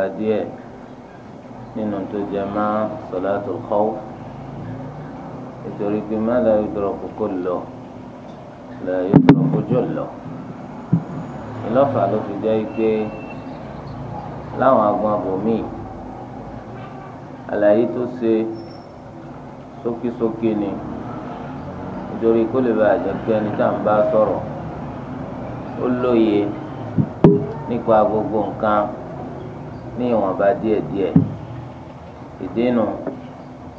ìwọ̀nba díẹ̀ nínú tó jẹ mọ́ salatul khawf nítorí pé má la yudraku kullu la yudraku jullu ìlọ́fà ló fi jẹ́ pé láwọn agbọn abòmíì àlàyé tó ṣe sókísókí ni nítorí kó lè bàa jẹ́ pé ẹni tá à ń bá sọ̀rọ̀ ó lóye nípa gbogbo nǹkan ní ìwọ̀nba díẹ̀díẹ̀ ìdínú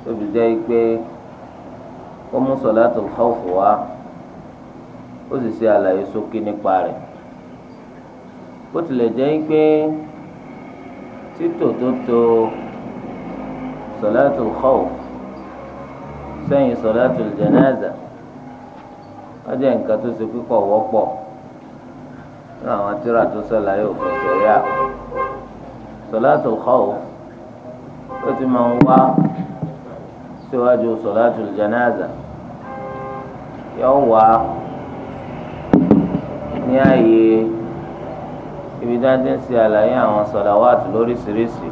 tóbi jẹ́ pé ó mú sọ̀látù khawf wá ó sì ṣe àlàyé ṣókí nípa rẹ̀ bó tilẹ̀ jẹ́ pé títò tó to sọ̀látù khawf sẹ́yìn sọ̀látù janaza ó jẹ́ nǹkan tó ṣe kíkọ̀ wọ́pọ̀ ní àwọn tíra tó ṣàlàyé òfin ṣẹ̀ríà sọláàtù khawf ó ti máa ń wá síwájú sọláàtù janaza yóò wá ní ààyè ibi dáadé ń ṣe àlàyé àwọn sọláwàtù lóríṣiríṣi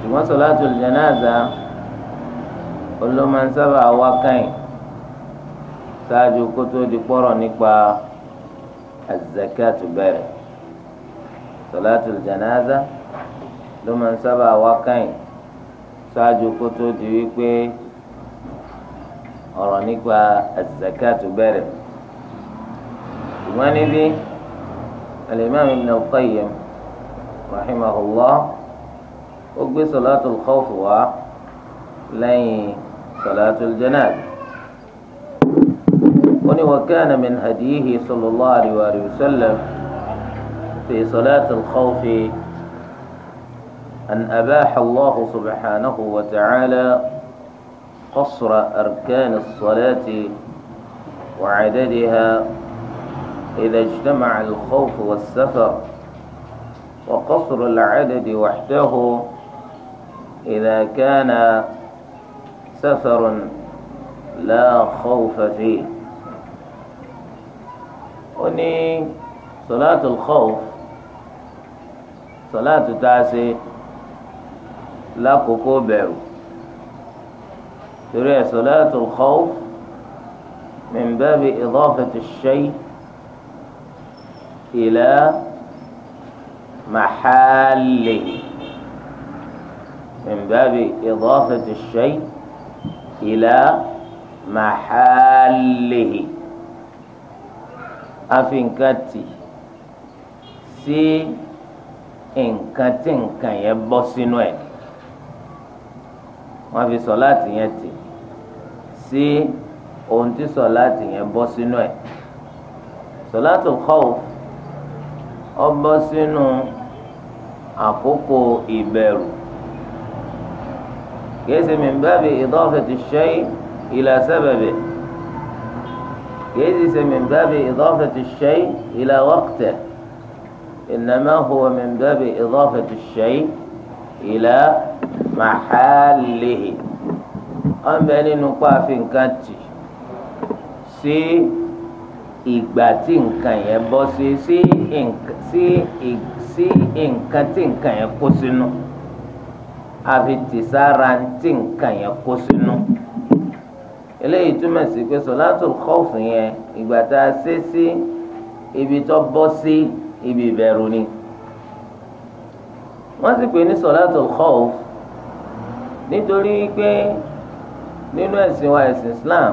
ṣùgbọ́n sọláàtù janaza olóman sábà wá kàn ṣáájú kótó di pọ́rọ̀ nípa az-zakatu sọláàtù janaza ló máa ń sábà wá káyìn ṣáájú kó tó di wípé ọ̀rọ̀ nípa àzàkàtù bẹ̀rẹ̀ ṣùgbọ́n níbí alimami ibn al-qayyim rahimahullah ó gbé sọláàtù khawf wá lẹ́yìn sọláàtù janaza. وني وكان من هديه صلى الله عليه وآله وسلم في صلاة الخوف أن أباح الله سبحانه وتعالى قصر أركان الصلاة وعددها إذا اجتمع الخوف والسفر وقصر العدد وحده إذا كان سفر لا خوف فيه وني صلاة الخوف صلاه تاسي لا كوكو بيرو ترى صلاه الخوف من باب اضافه الشيء الى محله من باب اضافه الشيء الى محله افنكتي سي nǹkan tí nǹkan yẹn bọ́ sínú ẹ̀ wọ́n fi sọ̀láàtì yẹn tì sí ohun tí sọ̀láàtì yẹn bọ́ sínú ẹ̀ sọ̀láàtì khawf ó bọ́ sínú àkókò ìbẹ̀rù kìí ṣe min bábi idafati shay ila sababi kìí ṣe min bábi idafati shay ila waqti. إنما هو من باب إضافة الشيء إلى محله أم بني نقاف كاتي sí ìgbà tí nǹkan yẹn bọ́ sí sí nǹkan tí nǹkan yẹn kó sínú àfi tìsára tí nǹkan yẹn kó sínú eléyìí túmọ̀ sí pé sọ̀látò kọ́ọ̀fù yẹn ìgbà tá a ṣe sí ibi tó bọ́ sí. Si, ibi ìbẹ̀rù ni wọ́n sì pè ní sọ̀látùl khawf nítorí pé nínú ẹ̀sìn wa ẹ̀sìn Islam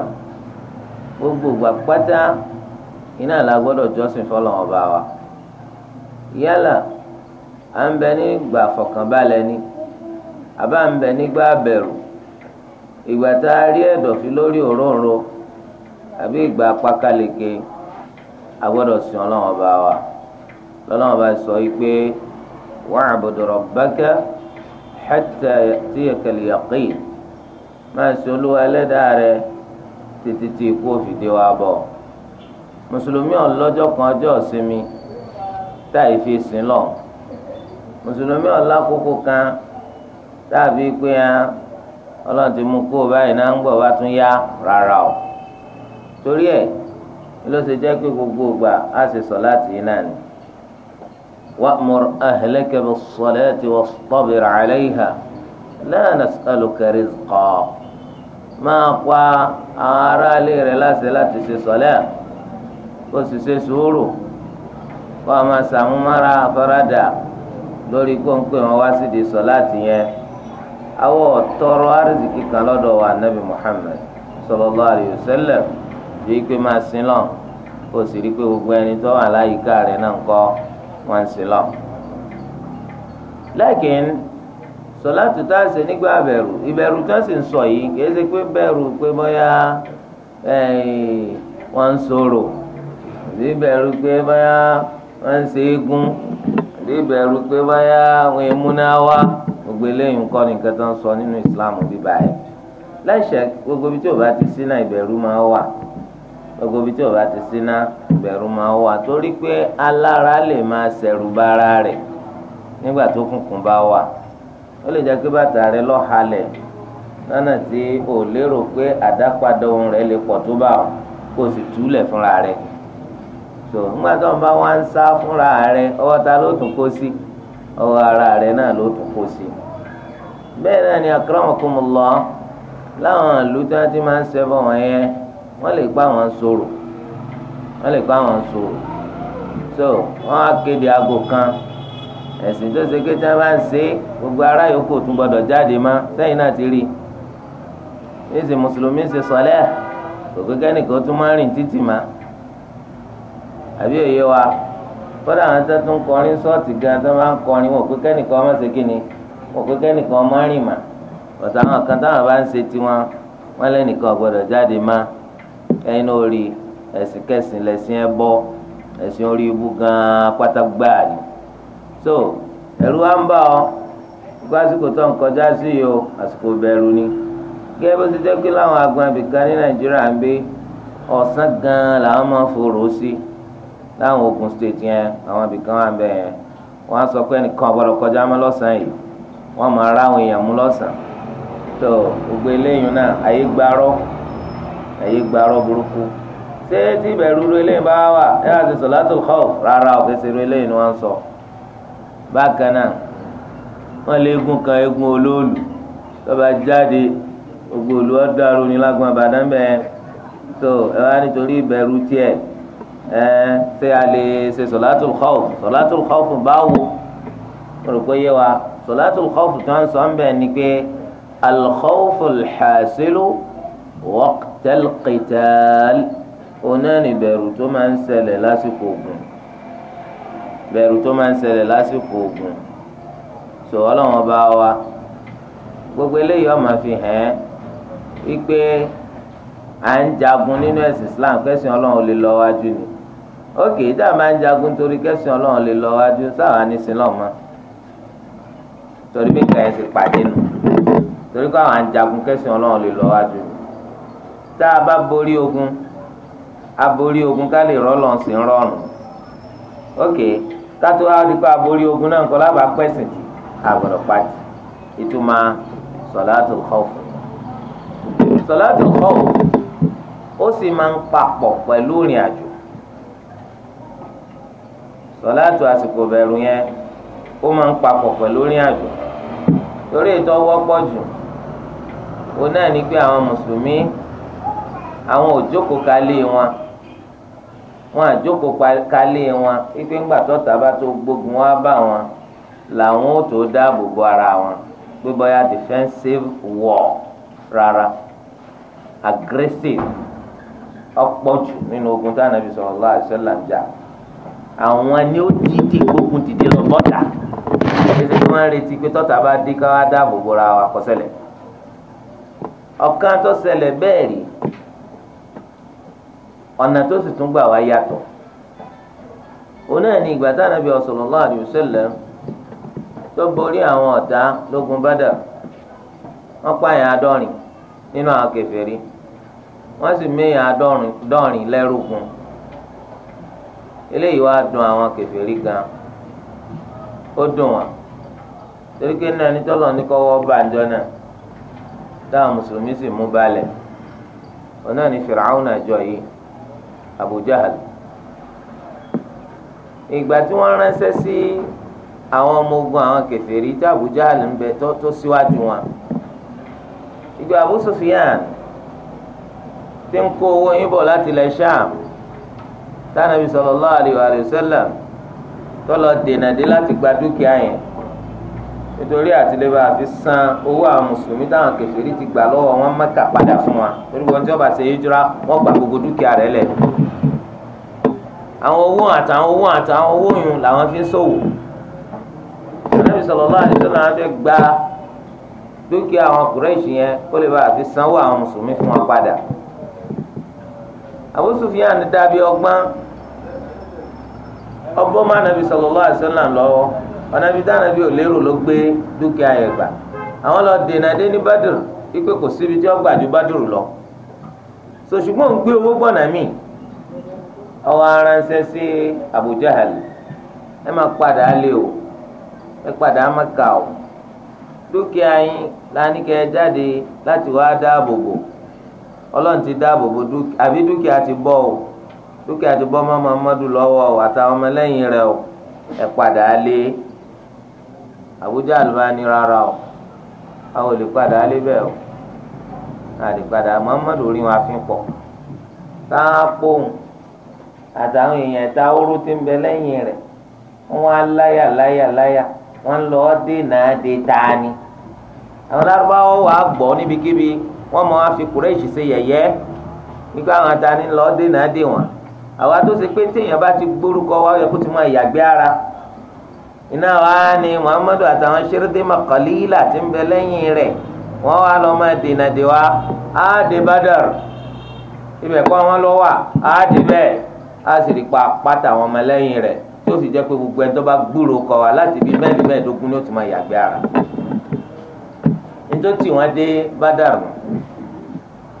gbogbo ìgbà pátá iná la gbọ́dọ̀ jọ́sìn fọlọ́wọ́n bá wa yálà à ń bẹ nígbà fọkànbalẹ̀ ni àbá ń bẹ nígbà bẹ̀rù ìgbà tá a rí ẹ̀dọ̀fí lórí òróǹro àbí ìgbà pákáleke a gbọ́dọ̀ sìn ọlọ́wọ́n bá wa lọ́lọ́wọ́n bá sọ yìí pé wa'budu rabbaka hatta ya'tiyaka al-yaqin máa ṣe olúwa ẹlẹ́dàá rẹ títí tí ikú òfin dé wa bọ̀ mùsùlùmí ọlọ́jọ́ kan ọjọ́ ìsinmi táì fi sin lọ mùsùlùmí ọlákòókò kan tàbí pé ọlọ́run ti mú kó báyìí náà ń gbọ̀ bá tún yá rárá o torí ẹ̀ ló ṣe jẹ́ pé gbogbo ìgbà á ṣe sọ láti yín náà ni وأمر أهلك بالصلاة salati عليها لا نسألك رزقا ما máa pa àwọn aráalé rẹ láṣẹ láti ṣe sọlẹ kó sì ṣe sùúrù kó a máa ṣàmúmára afárádà lórí kóńpé wọn wá sí di sọláàtì yẹn àwọn ọ̀tọ́rọ̀ àrísìkí kan lọ́dọ̀ wa nabi Muhammad sallallahu alayhi bíi pé máa sin lọ kó sì rí pé gbogbo ẹni tó wà láyìíká rẹ náà ń kọ́. wọn ń sin lọ. sọláàtù tá a ṣe nígbà bẹ̀rù ìbẹ̀rù tí wọ́n sì ń sọ yìí kì í ṣe pé bẹ̀rù pé bóyá wọ́n ń sọ̀rọ̀ àbí bẹ̀rù pé bóyá wọ́n ń ṣe égún àbí bẹ̀rù pé bóyá wọ́n ń múná wá gbogbo eléyìí nǹkan nìkan tó ń sọ nínú Islam bíbá yẹn láìsẹ̀ gbogbo ibi tí ò bá ti sí náà ìbẹ̀rù máa wà. gbogbo ibi tí ọba ti síná ìbẹ̀rù máa wà torí pé alára lè máa ṣẹ̀rù bara rẹ̀ nígbà tó kùnkùn bá wà ó lè jẹ́ pé bàtà rẹ̀ lọ halẹ̀ lọ́nà tí ò lérò pé àdápadà ohun rẹ̀ lè pọ̀ tó bá ọ kò sì túlẹ̀ fúnra tó nígbà tó ń bá wá ń sá fúnra ta ló tún kó sí ara láwọn ìlú tí ti máa ń wọ́n lè pa àwọn sọ̀rọ̀ wọ́n lè pa àwọn sọ̀rọ̀ so wọ́n á kéde aago kan ẹ̀sìn tó ṣe pé tí wọ́n bá ń ṣe gbogbo ará yòókù tún gbọ́dọ̀ jáde má sẹ́yìn náà ti rí i èsì mùsùlùmí ṣe sọ̀lẹ́ kò gbégé nìkan tún máa ń rìn títì má àbí òye wa kódà àwọn tó tún kọrin sọ́ọ̀tì gan tó máa ń kọrin wọn pé kẹ́nìkan ọmọ ṣe kí ni wọn pé kẹ́nìkan ọmọ rìn mà ọ̀sán àwọn kan táwọn bá ń ṣe tiwọn wọn lẹ́nìkan gbọ́dọ̀ jáde má ẹ̀yin náà rí ẹ̀sìn kẹsìn lẹ̀sìn ẹ bọ́ ẹ̀sìn orí ibú gan-an pátá gbáà ni so ẹ̀rú wa ń bà ọ́ gbọ́ àsìkò tó ń kọjá sí yìí o àsìkò bẹ̀rù ni gẹ́gẹ́ bó ti jẹ́ pé láwọn agbọn abìkan ní nàìjíríà ń gbé ọ̀sán gan-an làwọn máa ń forò sí láwọn Ogun state yẹn àwọn abìkan wà ń bẹ̀ yẹn wọ́n á sọ pé ẹnìkan ọ̀bọ̀dọ̀ kọjá mọ́ lọ́sàn-án yìí wọ́n máa rá àwọn èèyàn mú lọ́sàn-án tó gbogbo eléyìí náà ayé gbárọ́ ẹ̀yẹ gbarọ́ burúkú ṣé tí ìbẹ̀rù ru eléyìí bá wà ẹ á ti sọ̀látò khawf rárá ò kẹsẹ̀ ru eléyìí ni wọ́n ń sọ. bákan náà wọ́n lé eégún kan eégún olóòlù tọ́ba jáde gbogbo olú ọ̀dàrú ni lágbọ́n àbàdàn tó ẹ wá nítorí ìbẹ̀rù tiẹ̀ ẹ ṣé a lè ṣe sọ̀látò khawf sọ̀látò khawf báwo mo rò pé yé wa sọ̀látò khawf tó ń sọ waqtal qital oná ni bẹ̀rù tó máa ń ṣẹlẹ̀ lásìkò ogun bẹ̀rù tó máa ń ṣẹlẹ̀ lásìkò ogun sọ ọlọ́run ọba wa gbogbo eléyìí ọmọ fi hàn án wípé à ń jagun nínú ẹ̀sìn Islam kẹ́sìn ọlọ́run lè lọ wájú ni ókè tá a máa ń jagun torí kẹ́sìn ọlọ́run lè lọ wájú sáwa ní sinlọ́ọ̀mọ́ torí bí nǹkan ẹ̀ sì pàdé nù torí kó àwọn à kẹ́sìn ọlọ́run lè lọ wájú ni tá a bá borí ogun a borí ogun ká lè rọ́ lọ́n sí rọrùn ok ká tó a di pé a borí ogun náà nǹkan lábàá pẹ̀sìn tì àgbọ̀dọ̀ pàtì ìtumọ̀ sọ̀láàtù khawf sọ̀láàtù khawf ó sì máa ń papọ̀ pẹ̀lú ìrìn àjò sọ̀láàtù àsìkò bẹ̀rù yẹn ó máa ń papọ̀ pẹ̀lú ìrìn àjò torí ètò pọ̀ jù ó náà ní pé àwọn mùsùlùmí àwọn òjókòó kalé wọn wọn àjókòó kalé wọn pípé ńgbà tọ́ta bá tó gbógun wá bá wọn làwọn ò tó dáàbò bo ara wọn pé bóyá defensive war rárá aggressive ọ̀pọ̀jù nínú ogun tá a nàbì sallallahu alaihi wasallam àwọn ni ó dìde gbógun dìde lọ bọ́tà ẹsẹ̀ tí wọ́n ń retí pé tọ́tà bá dé ká wá dáàbò bora wa kò ṣẹlẹ̀ ọ̀kan tó ṣẹlẹ̀ bẹ́ẹ̀ rí ọ̀nà tó sì tún gbà wá yàtọ̀ òun náà ni ìgbà tá ànábì sallallahu alaihi wasallam tó borí àwọn ọ̀tá lógun bádà wọ́n pààyàn àádọ́rin nínú àwọn kèfèrí wọ́n sì méyàn àádọ́rin lẹ́rùgùn eléyìí wá dùn àwọn kèfèrí gan ó dùn wọn ní kọ́wọ́ bàjọ́ náà táwọn mùsùlùmí sì mú balẹ̀ òun náà ni àjọ yìí Abu Jahal ìgbà tí wọ́n ránṣẹ́ sí àwọn ọmọ ogun àwọn kèfèrí tí Abu Jahal ń bẹ tó síwájú wọn ìgbà Abu Sufyan tí ń kó owó yín bọ̀ láti ilẹ̀ Sham tánàbí sallallahu alaihi wa sallam tó lọ dènà láti gba dúkìá yẹn nítorí àtìlẹ́bà àfi san owó àwọn mùsùlùmí táwọn kèfèrí ti gbà lọ́wọ́ wọn Mẹ́kà padà fún wa torí wọn tí wọ́n bá ṣe hijira wọ́n gba gbogbo dúkìá rẹ̀ lẹ̀. àwọn owó àtàwọn owó àtàwọn owó yùn làwọn fi ń ṣòwò. ànábì sallallahu alaihi wasallam fẹ́ gba dúkìá àwọn Kùrẹ́ṣì yẹn kó lè bá àfi sanwó àwọn mùsùlùmí fún wọn padà. Abu Sufyan dàbí ọgbọ́n ọgbọ́n má ànábì sallallahu lọ́wọ́ ọ̀nàbí tànàbí ò lérò ló gbé dúkìá yẹn gbà àwọn lọ dènà dé ní bádùrù wípé kò síbi tí wọ́n gbà lọ so ń gbé owó gbọ̀nà míì ọwọ́ sí Abu Jahal ẹ lé o ẹ padà kà o dúkìá yín la ní kẹ́ ẹ jáde láti wá dáàbò bò ọlọ́run ti àbí dúkìá ti bọ́ o dúkìá ti bọ́ mọ́ o àtàwọn rẹ o. àbújá àlùbá ni rárá o àwọn olè padà o àlè padà muhammadu orí wọn àfin pọ̀ táàpọ̀n àtàwọn èèyàn ẹ̀ta oró ti ń bẹ lẹ́yìn rẹ̀ wọ́n á láyà láyà láyà wọ́n lọ dènà de tani àwọn lárúbáwọ̀ wà gbọ́ níbikíbi wọ́n mọ̀ á fi kùrẹ́ẹ̀sì ṣe yẹ̀yẹ́ nígbà àwọn àtàní lọ dènà de wọn àwa tó ṣe pé téèyàn bá ti gbórúkọ kó ara. iná wa ni muhammadu àtàwọn ṣẹ́rẹ́dé makalila ti ń bẹ lẹ́yìn rẹ̀ wọ́n wá lọ máa dènà dè wa á dé badar ibẹ̀ kọ́ wọn lọ wà á dé bẹ́ẹ̀ á sì rí pa pátá àwọn ọmọ lẹ́yìn rẹ̀ tó fi jẹ́ pé gbogbo ẹni tó bá gbúrò kọ wa láti bí mẹ́rin mẹ́ẹ̀ẹ́dógún ni ó ti máa yàgbé ara nítorí tí wọ́n dé badar mu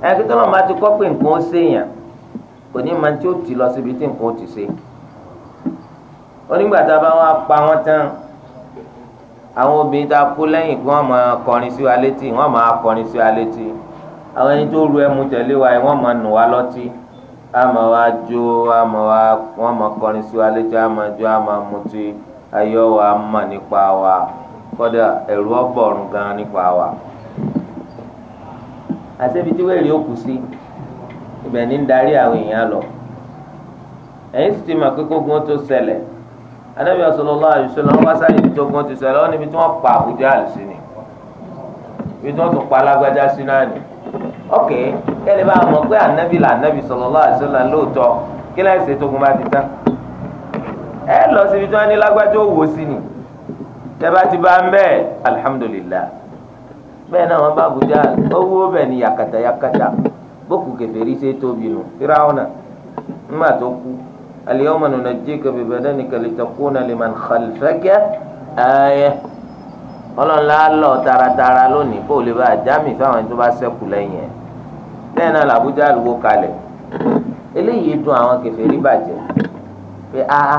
ẹni tó lọ́ọ́ ti kọ́ pé nǹkan ó ṣèyàn kò ní máa tí ó ti lọ síbi tí nǹkan ó ti ṣe onígbà tá bá wọn pa wọn tán àwọn obìnrin tá a kó lẹ́yìn kí wọ́n máa kọrin sí wa létí wọ́n máa kọrin sí wa létí àwọn ẹni tó ru ẹmu tẹ̀lé wa yìí wọ́n máa nù wá lọ́tí àmọ́ wa jó àmọ́ wa wọ́n máa kọrin sí wa létí àmọ́ jó àmọ́ mutí ayọ̀ wa mọ̀ nípa wa kọ́dà ẹ̀rù ọ̀bọ̀rún gan nípa wa. àṣebi tí wẹ́ẹ̀rì ó sí ibẹ̀ ní ń darí àwọn èèyàn lọ ẹ̀yìn sì ti mọ̀ pé kógun tó ṣẹlẹ̀ anabi sallallahu alaihi wasallam wọn wá sáyé ìjọ kan ti ṣẹlẹ̀ wọn níbi tí wọn pa àbújá àlùsí ni ibi tí wọn tún pa alágbájá sí náà ni ok kẹlẹ bá mọ̀ pé anabi là anabi sallallahu alaihi wasallam lóòótọ́ kí láì ṣètò ogun bá ti tán ẹ lọ síbi tí wọn ní lágbájá òwò sí ni tẹ́bá ti bá ń bẹ́ẹ̀ alihamudulilayi bẹ́ẹ̀ náà wọ́n bá Abuja owó bẹ́ẹ̀ ni yakata yakata bókù kẹfẹ́ rí ṣe tóbi nù fíráwọn náà tó kú. اليوم yawma ببدنك لتكون لمن خلفك آية. khalfaka ayah ọlọ́nla ترى taratara lónìí kó o lè bá àjámì fáwọn ẹni tó bá sẹ́kù lẹ́yìn ẹ̀ bẹ́ẹ̀ náà làbújá lùwọ́ kalẹ̀ eléyìí dùn àwọn kèfèrí bàjẹ́ pé áá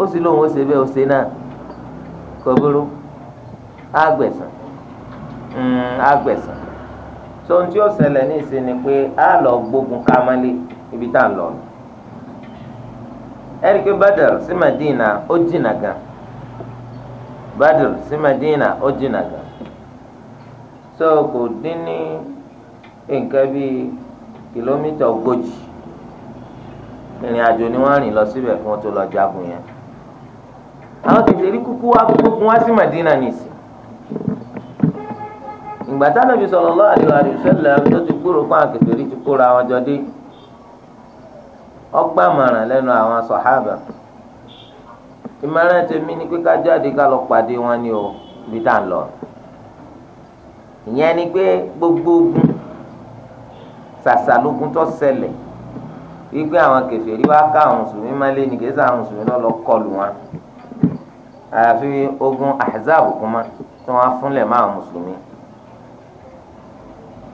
ó sì lóun ó ṣe bẹ́ẹ̀ ó ṣe náà kò burú àgbẹ̀sán àgbẹ̀sán hmm, tó ń tí ó ṣẹlẹ̀ ní lọ gbógun kámálé ibi tá à lọ nù ẹ̀ríkẹ́ badr sí madina ó jìnnà gan badr sí madina ó jìnnà gan so kò dín ní nǹkan bíi kìlómítà ogójì ìrìn àjò ni wọ́n rìn lọ síbẹ̀ fún tó lọ jagun yẹn àwọn kìtìrí kúkú wá kúkú kún wá sí madina nìsí ìgbà táwọn ibi sallallahu alaihi wasallam tó ti kúrò fún àkìtìrí ti kóra wọn jọ dé. ọgbà mọ̀ràn lẹnu àwọn sọ̀hábà ìmọ̀ràn tèmi ni pé ká jáde ká lọ pàdé wọn ni o ibi tá ìyẹn ni pé gbogbo ogun sàṣàlógún tó ṣẹlẹ̀ wípé àwọn kèfèrí wá ká àwọn mùsùlùmí má lé nìkejì àwọn mùsùlùmí lọ lọ kọlù wọn ogun ahzab kuma tí wọn fúnlẹ̀ máa mùsùlùmí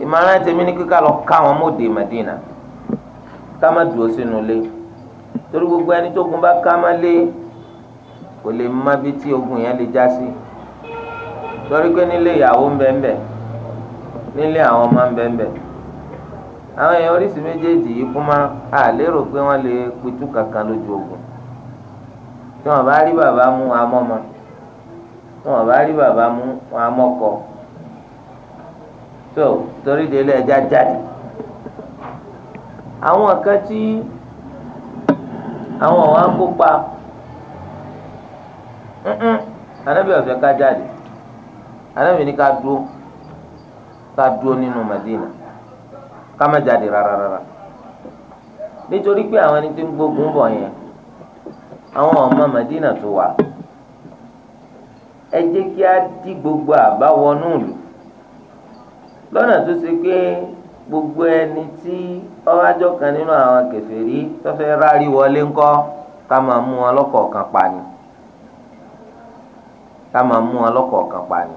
ìmọ̀ràn tèmi ni pé ká lọ ká wọn mọ́ ká má dúró sínú ilé torí gbogbo ẹni tó gun bá ká má lé kò lè má bí tí ogun yẹn lè já sí torí pé nílé ìyàwó ń bẹ ń bẹ nílé àwọn ọmọ ń bẹ ń bẹ àwọn èèyàn oríṣi méjèèjì yìí kú má a lérò pé wọ́n lè pitú kankan lójú ogun tí wọ́n bá rí bàbá mú amọ́mọ tí wọ́n bá rí bàbá mú amọ́kọ tó torí délé ẹja jáde. àwọn kan tí àwọn ọ̀hún kópa anábì ọ̀fẹ́ ká jáde anábì ní ká dúró ká nínú Madina ká má jáde rárá nítorí pé àwọn ẹni tí ń gbógun bọ̀ yẹn àwọn ọmọ Madina tó wà ẹ jẹ́ kí gbogbo àbáwọnú lọ́nà tó ṣe pé. gbogbo ẹni tí ọwájọ kan nínú àwọn kèfèrí tó rárí wọlé ńkọ́ ká máa mú wọn ká máa mú wọn lọ́kọ̀ọ̀kan pa ni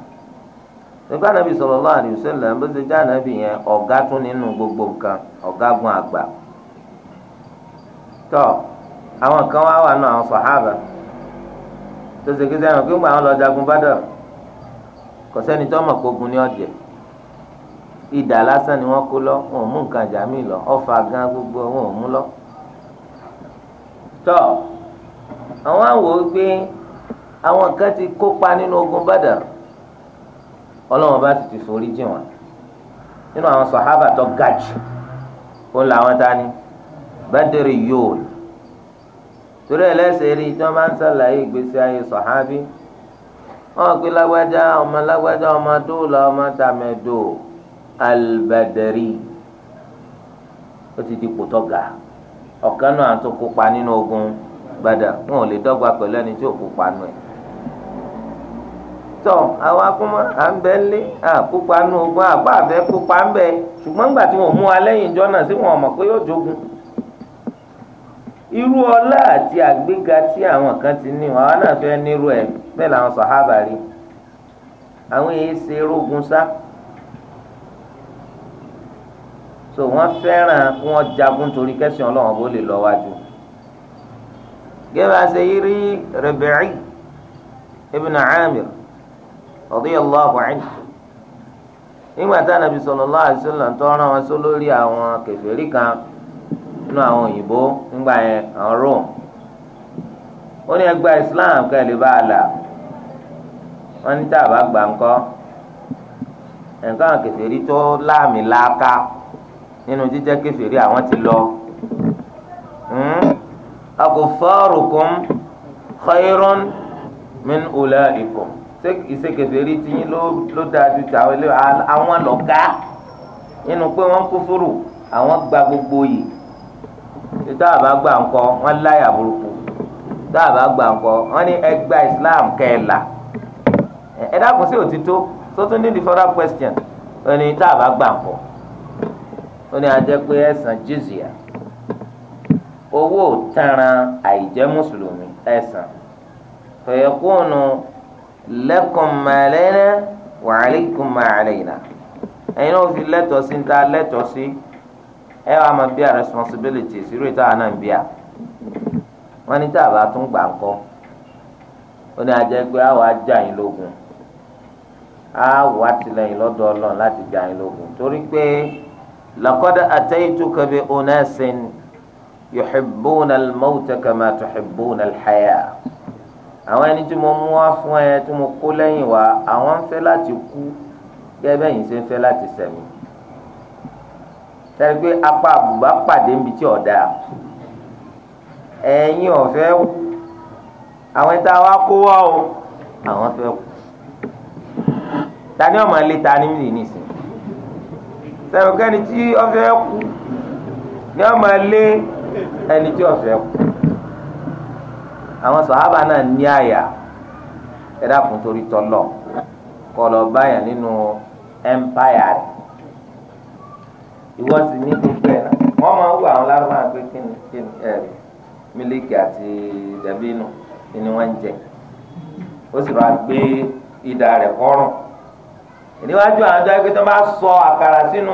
nígbà nàbì sallallahu alaihi wasallam bó ṣe já nàbì yẹn ọgá tún nínú gbogbo nǹkan àgbà tọ àwọn kan wá wà nù àwọn tó ṣe kí gbà jagun kò tó ní ìdà lásán ni wọ́n kó lọ wọn ò mú nǹkan jà mí lọ ọfà gan gbogbo wọn ò mú lọ. tọ àwọn àwò gbé àwọn kan ti kópa nínú ogun bàdà ọlọ́wọ́n bá sì ti forí jìn wọ́n nínú àwọn sàhábà tó ga jù ó làwọn ta ni bàdìrì yóò torí ẹlẹ́sẹ̀ rí tí wọ́n bá ń sàlàyé ìgbésí ayé sàhábì wọ́n gbé lágbájá ọmọ lágbájá ọmọ dóòlà ọmọ tàmẹ̀dóò. albadari ó ti di kòtò ga ọ̀kan náà tó kópa nínú ogun gbada wọn ò lè dọ́gba pẹ̀lú ẹni tí ò kópa nù ẹ̀ tọ àwọn akọmọ à ń bẹ lé àkópa nù ogun àbá àfẹ kópa ń bẹ ṣùgbọ́n nígbà tí wọ́n mú wa lẹ́yìn ìjọ náà sí wọn mọ̀ pé yóò jogun irú ọlá àti àgbéga tí àwọn kan ti ní àwọn náà fẹ́ nírú ẹ̀ bẹ́ẹ̀ làwọn sàhábà àwọn èyí ṣe rógun sá so wọ́n fẹ́ràn wọ́n jagun torí kẹ́sìn Ọlọ́run bó lè lọ wájú gẹ́gẹ́ ṣe rí Rabi'i ibn Amir radiyallahu anhu nígbà tá Ànábì sallallahu alaihi wasallam tó rán wọn sọ lórí àwọn kèfèrí kan nínú àwọn òyìnbó nígbà yẹn àwọn Rome ó ní ẹgbẹ́ Islam kẹ́ ẹ bá a là wọ́n ní tá a bá gbà ńkọ́ nǹkan kèfèrí tó láàmì láàká nínú jíjẹ́ kèfèrí àwọn ti lọ. Hmm? akufarukum khayrun min ulaikum ìṣe kèfèrí tiyín ló dáa ju tàwọn ilé àwọn lọ́gá nínú pé wọ́n kúfúrù àwọn gba gbogbo yìí títà àbá gbà ńkọ wọ́n láyà burúkú títà àbá gbà ńkọ wọ́n ní ẹgbà Islam kẹẹ̀la ẹ̀dá kò sí òtítọ́ sótún ní the further question ẹni títà àbá gbà ńkọ. ó ní ajẹ́ pé ẹ̀sán jizya owó taran àìjẹ́ mùsùlùmí ẹ̀sán fẹ̀yẹ̀kúnnù lakum ma wa ẹ̀yin náà fi lẹ́tọ̀ọ́ sí ta lẹ́tọ̀ọ́ sí ẹ wàá máa a responsibilities irú ìta ń bí wọ́n ní tá tún gbà ń kọ́ ó ní àwọn ajá yín لقد أتيتك بأناس يحبون الموت كما تحبون الحياة àwọn ẹni tí mo mú wá fún ẹ tí mo kó lẹ́yìn wá àwọn ń fẹ́ láti kú gẹ́gẹ́ bẹ́yìn ṣe ń fẹ́ láti sẹ̀mí. sẹ́ni pé apá àbùbá pàdé níbi tí ọ̀dà ẹ̀yin ọ̀fẹ́ àwọn ẹ̀ta wa kó wá o àwọn fẹ́ kú. ta ni ọmọ ilé ta ni mí nìsín sẹ́wọ̀nkẹ́ni tí ọ̀fẹ́ kú ni wọ́n máa lé ẹni tí ọ̀fẹ́ kú àwọn sọ̀hábà náà ní àyà ẹ dákun torí tọ́lọ̀ kọ́ lọ báyà nínú ẹmpáyà rẹ̀ ìwọ sì ní gbogbo ẹ̀ náà wọ́n máa ń wọ àwọn lárúbáwá pé kí ni kí ni ẹ̀ mílíkì àti dàbínù ni wọ́n ń jẹ ó sì rà gbé ìdá rẹ̀ kọ́rùn-ún níwájú àwọn ọjọ́ ẹgbẹ́ tó bá sọ àkàrà sínú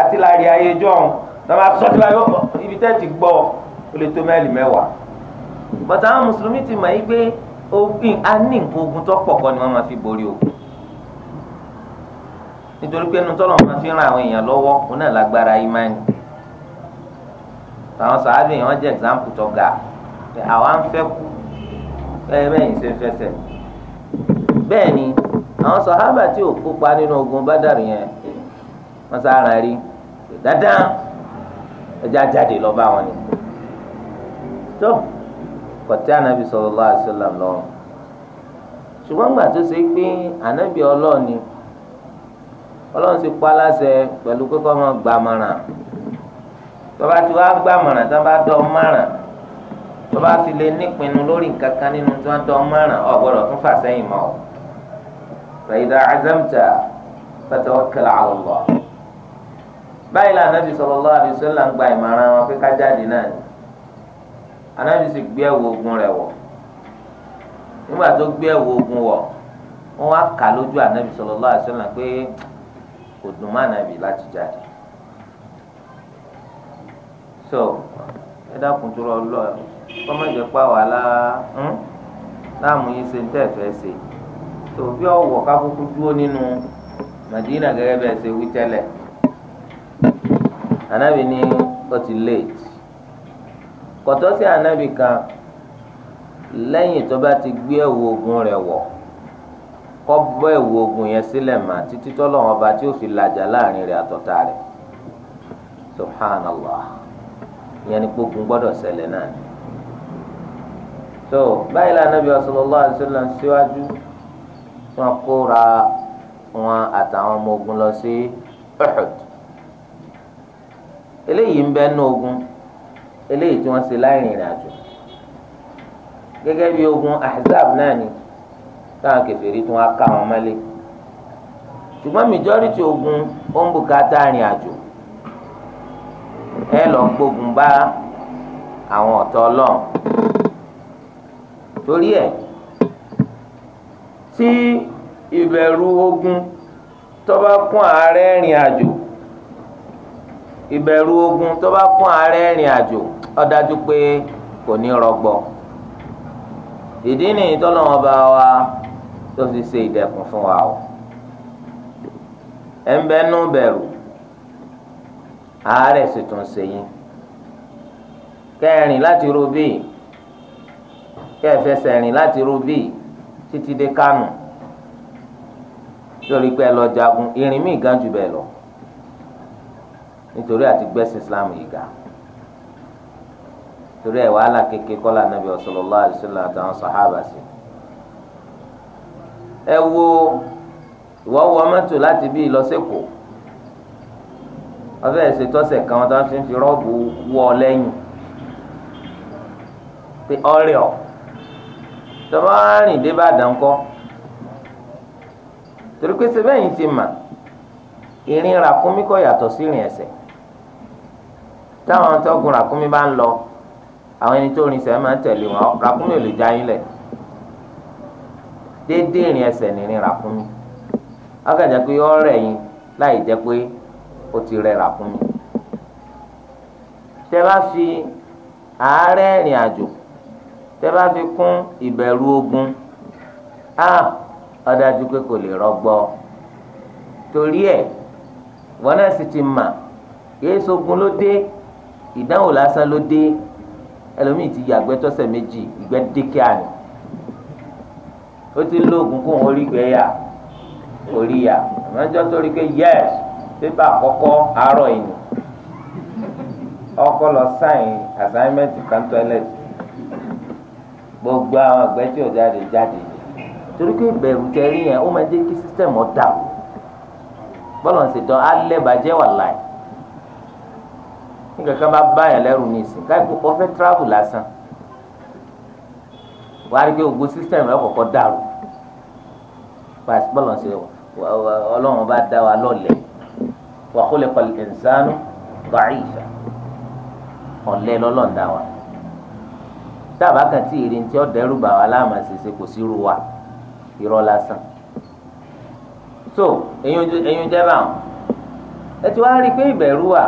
àtìlárí ayé jọ̀hún tó bá sọ tí wáyé ibi tẹ́ ti gbọ́ ó lè tó mẹ́lì mẹ́wàá. bàtà àwọn mùsùlùmí ti mọ̀ yí pé ogun a ní nǹkan ogun tó pọ̀ kọ́ ni wọ́n máa fi borí ogun. nítorí pé nutọ́ náà máa fi ran àwọn èèyàn lọ́wọ́ òun náà lágbára ìmánì. àwọn sàábì yẹn wọ́n jẹ́ example tó ga àwa ń fẹ́ kú bẹ́ẹ̀ bẹ́ẹ̀ àwọn sàhábà tí ò kópa nínú ogun bádàrú yẹn wọ́n sára rí dáadáa ẹja jáde lọ bá wọn ni tó kọtí anabi sallallahu alaihi wasallam lọrùn ṣùgbọ́n gbà tó ṣe pé anabi ọlọ́ọ̀ni ọlọ́run ti pa aláṣẹ pẹ̀lú pé kọ́ máa gbà mọ̀ràn tọ́ba tí wàá gbà mọ̀ràn tọ́ba dán mọ̀ràn tọ́ba fi lè nípinnu lórí nǹkan kan nínú tí wọ́n dán mọ̀ràn ọ̀ tún fà sẹ́yìn mọ́ ọ. فإذا azamta فتوكل على الله báyìí la anabi sallallahu alaihi gba ìmọ̀ràn wọn pé ká jáde náà ni anabi sì gbé ogun rẹ̀ wọ̀ nígbà tó gbé ogun wọ̀ wọ́n wá kà lójú anabi sallallahu pé kò dùn mọ́ anabi láti jáde so ẹ dákun tó rọ kọ́mọ̀jẹ̀ pa wàhálà láàmú tòbí ọ̀wọ̀ kákúkú dúró nínú Madina gẹ́gẹ́ bẹ́ẹ̀ ṣe wí tẹ́lẹ̀ anabi ní ó ti late kọ̀tọ́ sí anabi kan lẹ́yìn tó bá ti gbé ẹ̀wù ogun rẹ̀ wọ̀ kọ́ bọ́ ẹ̀wù ogun yẹn sílẹ̀ mà títí tọ́lọ́wọ́n bá tí ó fi làjà láàrin rẹ̀ àtọ̀tá rẹ̀ subhanallah ìyẹn ni gbogbo gbọ́dọ̀ ṣẹlẹ̀ náà so báyìí la anabi sallallahu alaihi wasallam síwájú. Si wọn wọ́n kóra wọn àtàwọn ọmọ ogun lọ sí Uhud eléyìí ń bẹ ní ogun eléyìí tí wọ́n ṣe láì ìrìn àjò gẹ́gẹ́ bí ogun Ahzab náà ni táwọn kèfèrí tí wọ́n ká wọn mọ́lẹ̀ ṣùgbọ́n ogun ó ń bùkátà rìn àjò ẹ lọ gbógun bá àwọn ọtọ tí ìbẹ̀rù ogun tó bá kún ààrẹ ìrìn àjò ìbẹ̀rù ogun tó bá kún ààrẹ ìrìn àjò ó dájú pé rọgbọ ìdí tọ́lọ́wọ́n bá wa tó fi ṣe ìdẹ̀kùn fún wa o ẹ̀ ń bẹ́nu bẹ̀rù àárẹ̀ sì tún ṣe yín kẹrin láti ro bíi kẹfẹsẹ̀ rìn ro bíi títí dé Kánò lórí pé ẹ lọ jagun irin míì gan jù bẹ́ẹ̀ lọ nítorí àti gbẹ́sìn Islam yìí ga torí ẹ̀ wàhálà kékeré kọ́lá nàbí sallallahu alaihi wasallam àtàwọn sàhábà sí. ẹ wo ìwọ wọ mọ́tò láti bí ìlọsẹ́kọ̀ọ́ wọ́n fẹ́ẹ́ ṣètọ́sẹ̀ kan wọ́n tó ń fi rọ́ọ̀bù wọ ọ lẹ́yìn pé ọ̀rẹ́ tọ́ba rìn dé bá dàn kọ́ torí pé ṣe bẹ́ẹ̀ yìí ti mà ìrìn ràkúnmí kọ́ yàtọ̀ sí ìrìn ẹsẹ̀ táwọn tọ́gun ràkúnmí bá ń lọ àwọn ẹni tó rìn sẹ́ẹ̀ máa ń tẹ̀lé wọn ràkúnmí ò lè já yín lẹ̀ déédéé ìrìn ẹsẹ̀ ní ìrìn ràkúnmí ágàjà pé ó rẹ̀ yín láì jẹ́ pé ó ti rẹ̀ ràkúnmí tẹ́ bá fi àárẹ̀ ìrìn àjò tẹ́bá fi kún ìbẹ̀rù ogun á ọ̀dájú pé kò lè rọgbọ torí ẹ̀ wọn náà sì ti mà yéésù ogun ló dé ìdánwò lásán ló dé ẹlòmíì ti yàgbẹ́ tọ́sẹ̀ méjì ìgbẹ́ dékè àná ó ti lo oògùn kó wọn orígbẹ́ yà orí yà àmọ́jọ́ tó pé yẹ́s pépà àkọ́kọ́ àárọ̀ yìí ọkọ lọ sáìn assignment kan toilet gbogbo àwọn àgbẹ̀ tí ò jáde jáde torí pé ìbẹ̀rù tẹ̀rí yẹn ó máa ń jẹ́ kí sísítẹ̀mù ọ̀dà o bọ́lá ń ṣètò alẹ́ bàjẹ́ wà láì nígbà kan bá báyàn lẹ́rù ní ìsìn láì kókó fẹ́ tíráàbù lásán wàá rí pé gbogbo sísítẹ̀mù rẹ̀ kọ̀ọ̀kan dàrú pàṣẹ bọ́lá ń ṣe ọlọ́run bá dá wa lọ́lẹ̀ wàá kó lè pàlẹ́ ẹ̀ńsánú bàáyì ìfẹ́ ọ̀lẹ́ lọ́lọ́ọ̀dá wa tábà kan tí ìrìn tí ó dẹ́rù bà wá láàmà ṣèṣe kò sí ru wa irọ́ lásán so ẹ̀yin jẹ́ báwọn ẹ ti wá rí i pé ìbẹ̀rù wà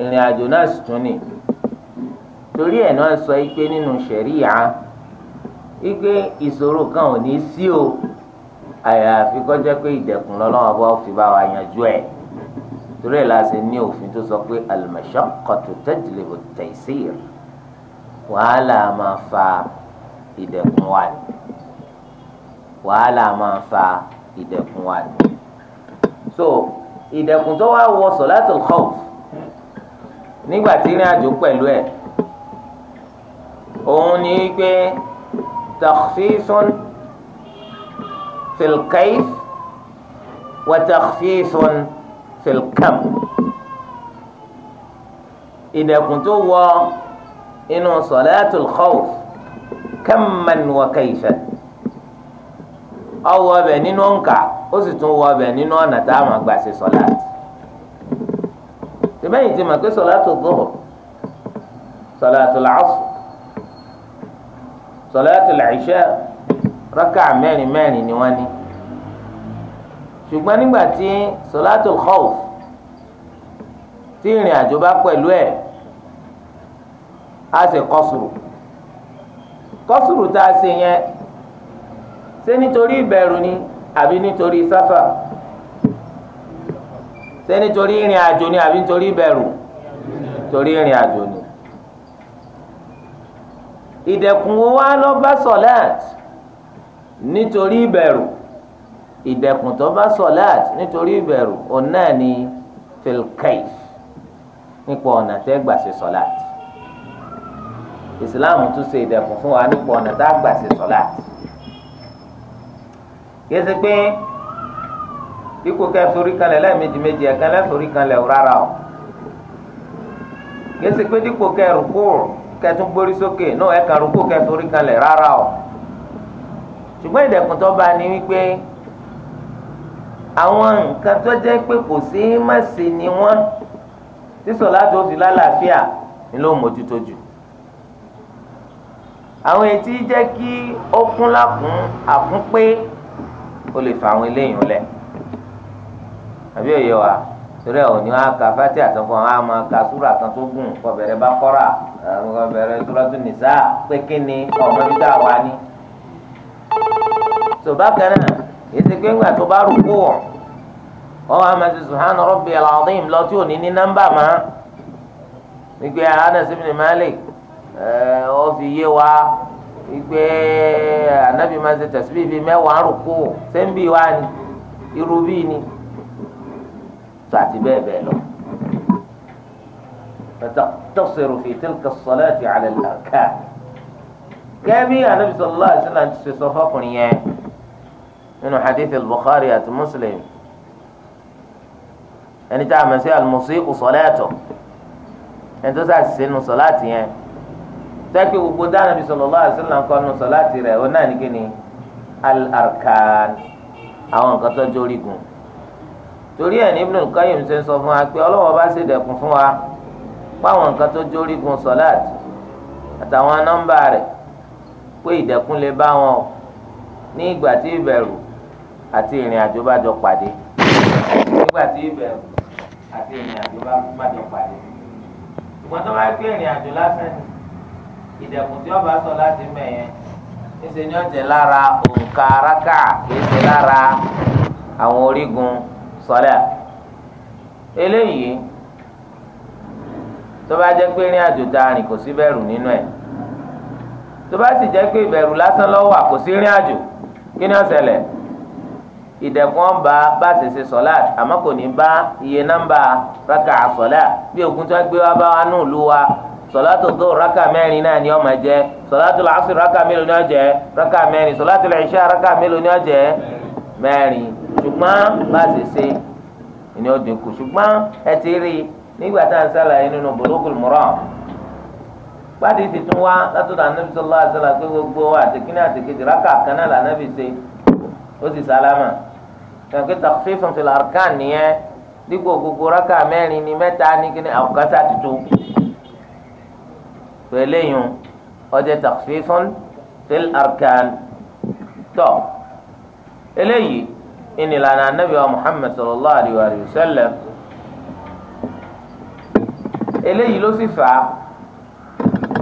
ìrìn àjò náà sì tún ni torí ẹ̀ náà sọ pé nínú ṣẹ̀ríyà wípé ìṣòro kan ò ní sí o àyàfi kó pé ìdẹ̀kùn lọ́lọ́wọ́ bá fi bá wa yanjú ẹ̀ torí ẹ̀ la ṣe ní òfin tó sọ pé al-mashaqqatu tajlibu at-taysir wàhálà máa fa ìdẹ̀kùn wa ni wàhálà máa fa ìdẹ̀kùn wa ni so ìdẹ̀kùn tó wá wọ sọ̀látò khawf nígbà tí ìrìn àjò pẹ̀lú ẹ̀ òun ni pé takhfisun fil kayf wa takhfisun ìdẹ̀kùn tó wọ inú sọ̀láàtul khawf kamman wa kayfa ọwọ́ ọbẹ̀ nínú òǹkà ó sì tún wọ ọbẹ̀ nínú ọ̀nà táwọn àgbà ṣe sọ̀láàtì tìmẹ́yìn ti mọ̀ pé sọ̀láàtul zuhr sọ̀láàtul asr sọ̀láàtul isha rákà mẹ́rin mẹ́rin ni wọ́n ní ṣùgbọ́n nígbà tí sọ̀láàtul khawf tí ìrìn àjò bá pẹ̀lú ẹ̀ á ṣe kọ́sùrù kọ́sùrù tá a ṣe yẹn ṣé nítorí ìbẹ̀rù ni àbí nítorí sáfà ṣé nítorí ìrìn àjò ni àbí nítorí ìbẹ̀rù torí ìrìn àjò ni ìdẹ̀kùn wo wá lọ bá sọ̀láàt nítorí ìbẹ̀rù ìdẹ̀kùn tó bá sọ̀láàt nítorí ìbẹ̀rù òun náà ni filkaif nípa ọ̀nà tẹ́ gbà sọ̀láàt ìsìláàmù tún ṣe ìdẹ̀kùn fún wa nípa ọ̀nà tá a gbà ṣe sọ̀láàtì kìí ṣe pé dípò kẹ́ forí kanlẹ̀ lẹ́ẹ̀mejì méjì ẹ̀kan lẹ́forí kanlẹ̀ rárá o kìí ṣe pé dípò kẹ́ rúkú kẹ́ tún gbórí sókè náà ẹ̀kan rúkú kẹ́ forí kanlẹ̀ rárá o ṣùgbọ́n ìdẹ̀kùn tó bá ní wípé àwọn nǹkan tó jẹ́ pé kò sí má ṣe ni wọ́n tí sọ̀láàtì ó fi lálàáfíà ni ló mójútó jù àwọn etí jẹ́ kí ó kún lákùn àkúnpé ó lè fa àwọn eléyìí lẹ̀ àbí òye wa torí ẹ̀ òní wa ka fati àtọ́kọ̀ wa máa ka súrà kan tó gùn kọ bẹ̀rẹ̀ bá kọ́ra kọ bẹ̀rẹ̀ súratu nìsá pé kí ni ọmọ bí dáa wá ní. tó bákan náà èsì pé ńgbà tó bá rú kú wọ̀ wọ́n wá máa ti subhana rabbiyal azim lọ tí ò ní ní nọ́mbà mọ́ wípé Anas ibn Malik. ó fi yé wa wípé anabi máa ṣe tasbih bíi mẹ́wàá rúkú sẹ́ńbì wa ni irú bíi ni tó àti bẹ́ẹ̀ bẹ́ẹ̀ lọ. فتقتصر في تلك الصلاة على الأركان كابي النبي صلى الله عليه وسلم تصفقني من حديث البخاري مسلم يعني تعمل الموسيقى صلاته أنت تسعى السن صلاتي يعني tẹ́kì gbogbo dáná bí sallallahu alaihi wasallam kọ́ nù sọ̀láàtì rẹ̀ ó náà ní kí ni al-arkan àwọn nǹkan tó jórígun torí ẹ̀ ní Ibn al ṣe ń sọ fún wa pé ọlọ́wọ́ bá ṣe dẹ̀kun fún wa páwọn nǹkan tó jórígun sọ̀láàtì àtàwọn nọ́mbà rẹ̀ pé ìdẹ̀kun lè bá wọn ní ìgbà tí ìbẹ̀rù àti ìrìn àjò bá jọ pàdé nígbà tí ìbẹ̀rù àti ìrìn àjò bá jọ pàdé ìgbọ́n tó bá ìrìn àjò lásán ni ìdẹ̀kùn tí ọba sọ láti mẹ̀yẹn níṣẹ́ ni ó jẹ́ lára òǹkà arákà kìí ṣe lára àwọn orígun sọ́lá eléyìí tó bá jẹ́ pé rìn àjò tá a rìn kò sí bẹ̀rù nínú ẹ̀ tó bá sì jẹ́ pé ìbẹ̀rù lásán ló wà kò sí rìn àjò kí ni ó ṣẹlẹ̀ ìdẹ̀kùn ọba bá ṣe ṣe sọ́lá àmọ́ kò ní bá iye nọ́mbà rákà sọ́lá bí ogun tó gbé wá bá wa nù lù wa sọláàtù dùn rákà mẹ́rin náà ni ó máa jẹ́ sọláàtù làásù rákà mélòó ni ó jẹ́ rákà mẹ́rin sọláàtù làìṣà rákà mélòó ni ó jẹ́ mẹ́rin ṣùgbọ́n bá a ṣe ṣe ni ó dínkù ṣùgbọ́n ẹ ti rí nígbà tá à ń sàlàyé nínú Bulughul Maram gbádìí ti tún wá látọ̀dọ̀ anábì sọlá àṣàlà pé gbogbo àtìkíní àtìkejì rákà kan náà lànàbì ṣe ó sì sálámà ṣàǹkì takhfifun fil arkan nìyẹn dípò gbogbo rákà mẹ́rin ni mẹ́ta ní kíní àwòkátà tuntun tó eléyìí ọjọ́ takhfifun fil arkan tó eléyìí ìnìlànà anabi wa muhammad sallallahu alayhi wa sallam eléyìí ló sì fà á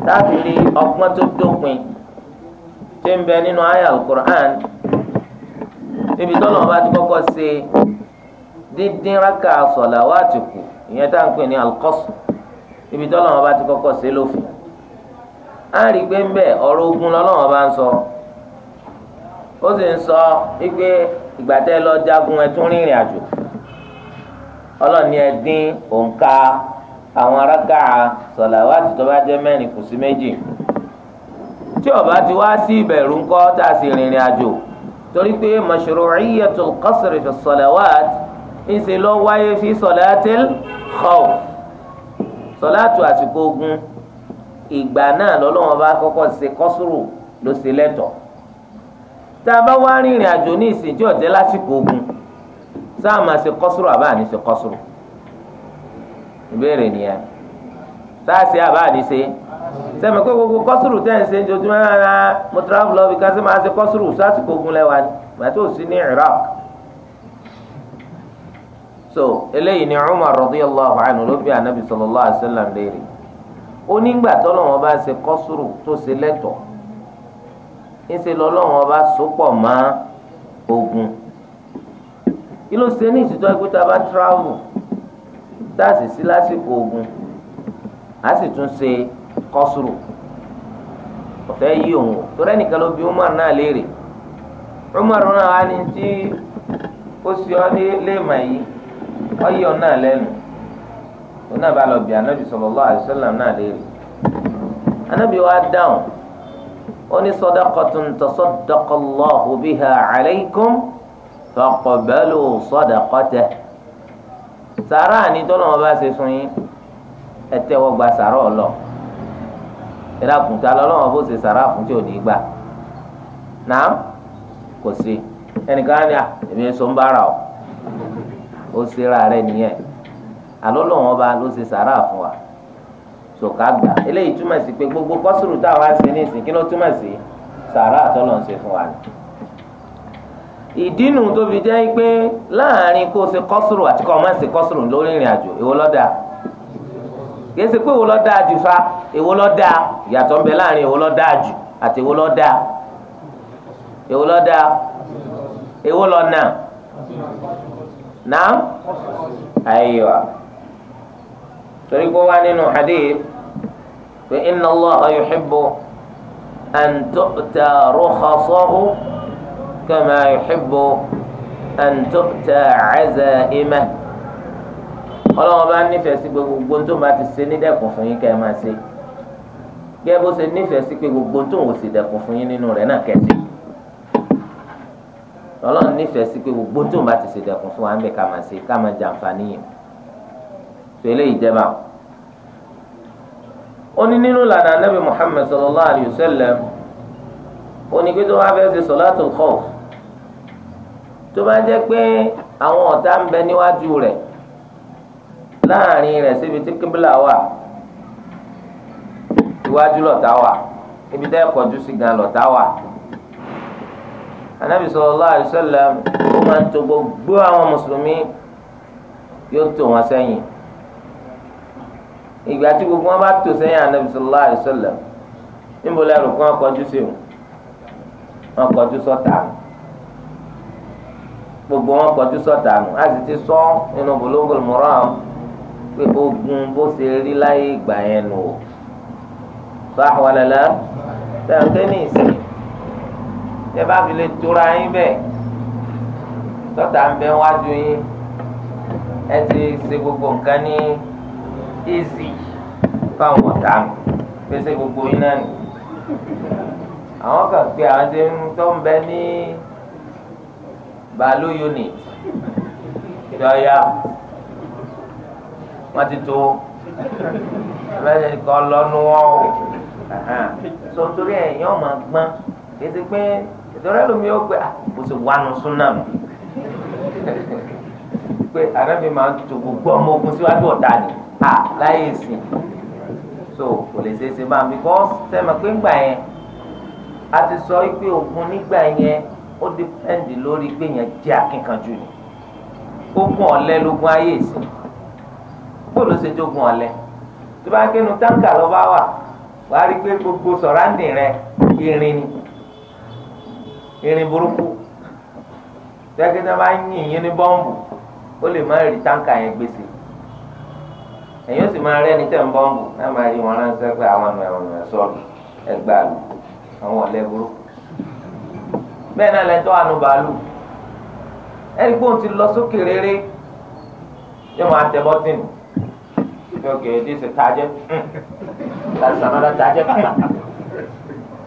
láti rí ọgbọ́n tó dópin tí ń bẹ nínú àyà alukur'an níbi tọ́lọ̀ bá ti kọ́kọ́ ṣe dídín rákà sọ̀làwátì ìyẹn tá à ń pè ní alukọ́sù níbi tọ́lọ̀ bá ti kọ́kọ́ ṣe lófin á rí i pé ń bẹ ọ̀rọ̀ ogun lọ́lọ́wọ́n bá ń sọ ó sì ń sọ wípé ìgbà tẹ́ lọ jagun ẹ tún rìnrìn àjò ọlọ́ọ̀ni ẹ dín òǹkà àwọn arága sọ̀làwátì tó bá jẹ́ mẹ́rin kù sí méjì tí ó ti wá sí ìbẹ̀rù ńkọ́ tá a sì rìnrìn àjò torí pé mashru'iyyatul qasri fi sọ̀làwát ńṣe lọ wáyé fi sọ̀làtìl khawf sọ̀làtù àsìkò ogun. ìgbà náà lọ́lọ́wọ́n bá kọ́kọ́ ṣe kọ́sùrù ló ṣe lẹ́tọ̀ tá a bá wá rìnrìn àjò ní ìsìn ọ̀jẹ́ lásìkò ogun sáà máa ṣe kọ́sùrù àbá àní ṣe kọ́sùrù ìbéèrè nìyẹn sáà ṣe àbá àní ṣe sẹ́mi pé gbogbo kọ́sùrù tẹ̀ ń ṣe ń jojúmọ́ rárá mo travel lọ bí ká máa ṣe kọ́sùrù sásìkò ogun lẹ́wà ni màtí ò sí so eléyìí ni Umar Allah anhu ló bí anabi onígbà tọ́lọ́wọ́n bá ṣe kọ́sùrù tó ṣe lẹ́tọ̀ọ́ ńṣe lọ́lọ́wọ́n bá sopọ̀ mọ́ ogun kí ló ṣe ní ìṣìtọ́ ẹgbẹ́ tá a bá travel tá a sì sí lásìkò ogun a sì tún ṣe kọ́sùrù ọ̀fẹ́ yí òun o torí ẹnìkan ló bi Umar náà léèrè Umar náà wá ní tí ó ṣe ọ́ ní léèmà yìí ọ́ yí ọ náà lẹ́nu òun náà bá lọ bí anabi sallallahu alaihi wasallam náà léèrè anabi wa dáhùn ó ní sadaqatun tasaddaqa Allahu biha alaykum faqbalu sadaqatah sàrà ni tọ́lọ́wọ́n bá ṣe sun yín ẹ tẹ́wọ́ gba sàrà ọ̀lọ́ ìlà kùtà lọ́lọ́wọ́n bó ṣe sàrà fún tí ò ní gbà náà kò sí ẹnìkan á à èmi ń sọ ń bára ọ ó ṣe ra rẹ nìyẹn. Alolo lọ́wọ́n bá ló ṣe sàrà fún wa sòkà gbà eléyìí túmọ̀ sí pé gbogbo kọ́sùrù táwa ṣe ní ìsìn kí ló túmọ̀ sí sàrà àtọ́lọ̀ ń ṣe fún wa ni. ìdínú tó fi jẹ́ pé láàrin kó ṣe kọ́sùrù àti kó má ṣe kọ́sùrù lórí ìrìn àjò èwo lọ́dà kìí ṣe pé èwo lọ́dà jù fa èwo lọ́dà ìyàtọ̀ ń bẹ láàrin èwo lọ́dà jù àti èwo lọ́dà èwo lọ́dà èwo lọ́nà náà ayé wa torí kó wá nínú hadith pé inna Allaha yuhibbu an tu'ta rukhsahu kama yuhibbu an tu'ta 'aza'imahu ọlọ́wọ́n bá nífẹ̀ẹ́ sí pé gbogbo tó máa ti ṣe ní dẹ́kun fún yín kẹ́ ẹ máa ṣe gẹ́gẹ́ bó ṣe nífẹ̀ẹ́ sí pé gbogbo tó ń sì dẹ́kun fún yín nínú rẹ̀ náà kẹ́sì ọlọ́run nífẹ̀ẹ́ sí pé gbogbo tó máa ti ṣe dẹ́kun fún wa ń bẹ ká máa ṣe ká máa jàǹfààní yìí. tẹ̀lé ìjẹba. ó ní nínú lànà anábì Muhammad sallallahu alayhi wa sallam ó ní pé tó bá fẹ́ ṣe solatul khawf tó bá jẹ́ pé àwọn ọ̀tá ń bẹ níwájú rẹ̀ láàrin rẹ̀ síbi tí kíbílà wà iwájú lọ̀tá wà ibi tẹ́ kọjú sí gan wà. sallallahu alaihi wasallam ó máa ń tò gbogbo àwọn mùsùlùmí yóò tò sẹ́yìn ìgbà tí gbogbo wọn bá tò sẹ́yìn anabi sallallahu alaihi wasallam níbo lẹ́rù kí wọ́n kọjú sí wọn wọ́n kọjú sọ́tà gbogbo wọn kọjú sọ́tà nù a sì ti sọ inú bulugul maram pé ogun bó ṣe rí láyé ìgbà yẹn nù o sọ àwàlẹ́lẹ́ sẹ́yìn kẹ́ni ìsìn bá fi lè tóra yín bẹ́ẹ̀ sọ́tà ń bẹ wájú yín ẹ ti ṣe gbogbo nǹkan ní. èzì fáwọn ọ̀tá pèsè gbogbo yín náà àwọn kan pé àwọn ti ń tó ń bẹ ní bàálù unit ìdọ́yà wọ́n ti tó ẹlẹ́yìn kan lọ́nu wọ́n o sọ torí ẹ̀ yọ́n máa gbọ́n ètò pé ìdọ́rẹ́ lomi ó pé kò sì súnà pé máa tó gbogbo ọmọ ogun síwájú ọ̀tá ni. Ah, láyé ìsìn so kò lè ṣeé ṣe máa because sẹ́mi pé ńgbà yẹn a ti sọ pé ogun nígbà yẹn ó dìpẹ́ǹdì lórí pé yẹn jẹ́ akínkanjú ni ogun ọ̀lẹ lógun ayé ìsìn bó ló ṣe jogun ọ̀lẹ tó bá kínú táǹkà lọ bá wà wàá rí pé gbogbo sọ̀ráǹdì rẹ irin ni irin burúkú tẹ́kítẹ́ bá yìn yín ní bọ́ǹbù ó lè má rí táǹkà yẹn gbèsè èyí ó sì máa rẹ́ni tẹ̀ ń bọ́ǹbù náà máa yí wọn ránṣẹ́ pé àwọn ọ̀nà ẹ̀wọ̀n ẹ̀ sọ̀rọ̀ ẹgbà lù àwọn ọ̀lẹ́gbọ́rọ̀ bẹ́ẹ̀ náà lẹ́tọ́ àánú bàálù ẹni pé òun ti lọ sókè rere yóò máa tẹ bọ́tìnì okay this is target hmm. that's another target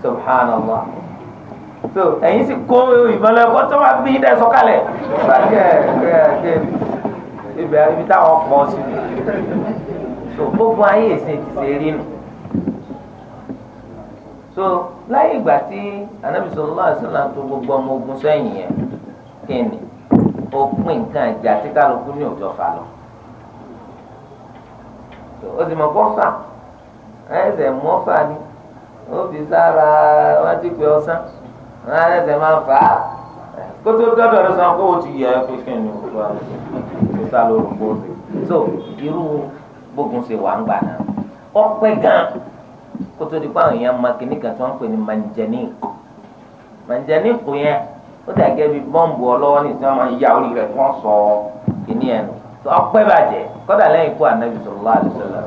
subhanallah so ẹ̀yin sì kó ìbọn lọ kó tó máa bí dẹ́ sọ́kalẹ̀ ibẹ̀ ibi táwọn pọ̀ sí i. so gbogbo ayé ìsìn ti ṣe rí nù so láyé ìgbà tí anabi sallallahu alaihi tó gbogbo ọmọ ogun sọ yẹn kí ni o nǹkan ìjà tí kálukú ní òjò fà lọ ó sì mọ ni ó fi sára wọ́n ti pè ọsán máa fà á kótó ló sọ pé ó so bógun ṣe wà ń gbà náà ọpẹ́ gan kó tó di pé àwọn èèyàn máa kíní kan tí wọ́n ń pè ní manjaníkù manjaníkù yẹn ó dà gẹ́gẹ́ bí bọ́ǹbù ọlọ́wọ́ ní ìsinmi máa ń ya orí rẹ̀ tí wọ́n sọ kíní ẹ̀ nù tó bàjẹ́ kọ́dà lẹ́yìn ikú ànábì sallallahu alaihi wasallam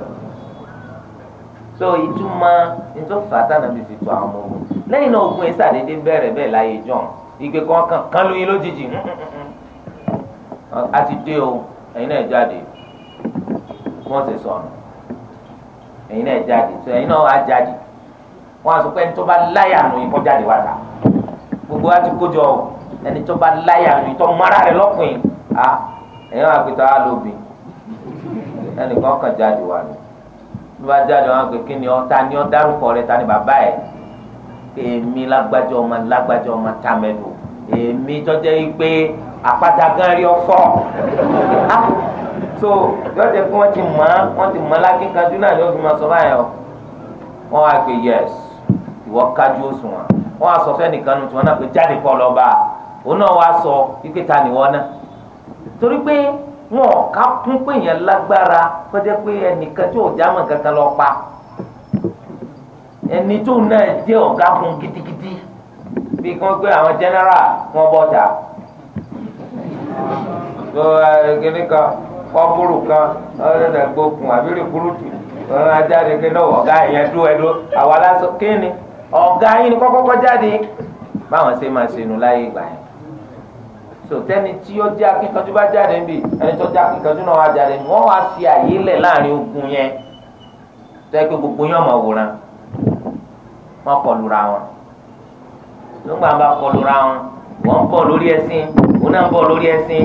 so ìtumọ̀ ìtòfà tànàbì fi tó àwọn ọmọ lẹ́yìn náà ogun ẹ̀sà dédé bẹ̀rẹ̀ bẹ́ẹ̀ láyé john ìgbé kankan kan lóyin lójijì àti dé o ẹ̀yin náà jáde wọ́n sì sọnù ẹ̀yin náà jáde tó ẹ̀yin náà wá jáde wọ́n á sọ pé ẹni tó bá láyà nù yìí kọ́ jáde wá ta gbogbo wa ti kójọ ẹni tó bá láyà nù yìí tó mara rẹ̀ lọ́kùnrin à ẹ̀yin wá pété wá lóbi ẹnìkan kan jáde wá nù bí wọ́n jáde wọn pé kí ni ọ ta ni ọ dárúkọ rẹ̀ ta ni bàbá ẹ̀ èmi lágbájá ọmọ lágbájá ọmọ tàmẹ́dù èmi tọ́jẹ́ yìí pé àpáta gan rí ọ fọ́ so yóò jẹ́ pé ti mọ̀ án ti mọ̀ kájú náà fi máa sọ yes ìwọ kájú òsùn wọn wọ́n sọ fẹ́nìkan nu tí wọ́n náà pé jáde kọ lọ a òun náà wá sọ wípé ta ni wọ́n náà torí pé wọn ká kún pé yẹn lágbára kankan lọ pa ẹni tó náà fún gidigidi bí kí gbé àwọn general wọn kọ́búrú kan ọ̀rẹ́dẹ̀ gbókun àbírí burúkú ajáde pé náà ọ̀gá yẹn dúró ẹ̀dúró àwa lásán kí ni ọ̀gá yín ni kọ́kọ́kọ́ jáde báwọn ṣe máa ṣe nù láyé ìgbà yẹn sòtẹ́ni tí ó jẹ́ akíkanjú bá jáde níbi ẹni tó jẹ́ akíkanjú náà wá jáde wọ́n wá fi àyè lẹ̀ láàrin ogun yẹn tẹ́ pé gbogbo yẹn ọmọ wòran wọ́n kọlura wọn nígbà bá kọlura wọn wọ́n ń lórí ẹṣin òun náà ń lórí ẹṣin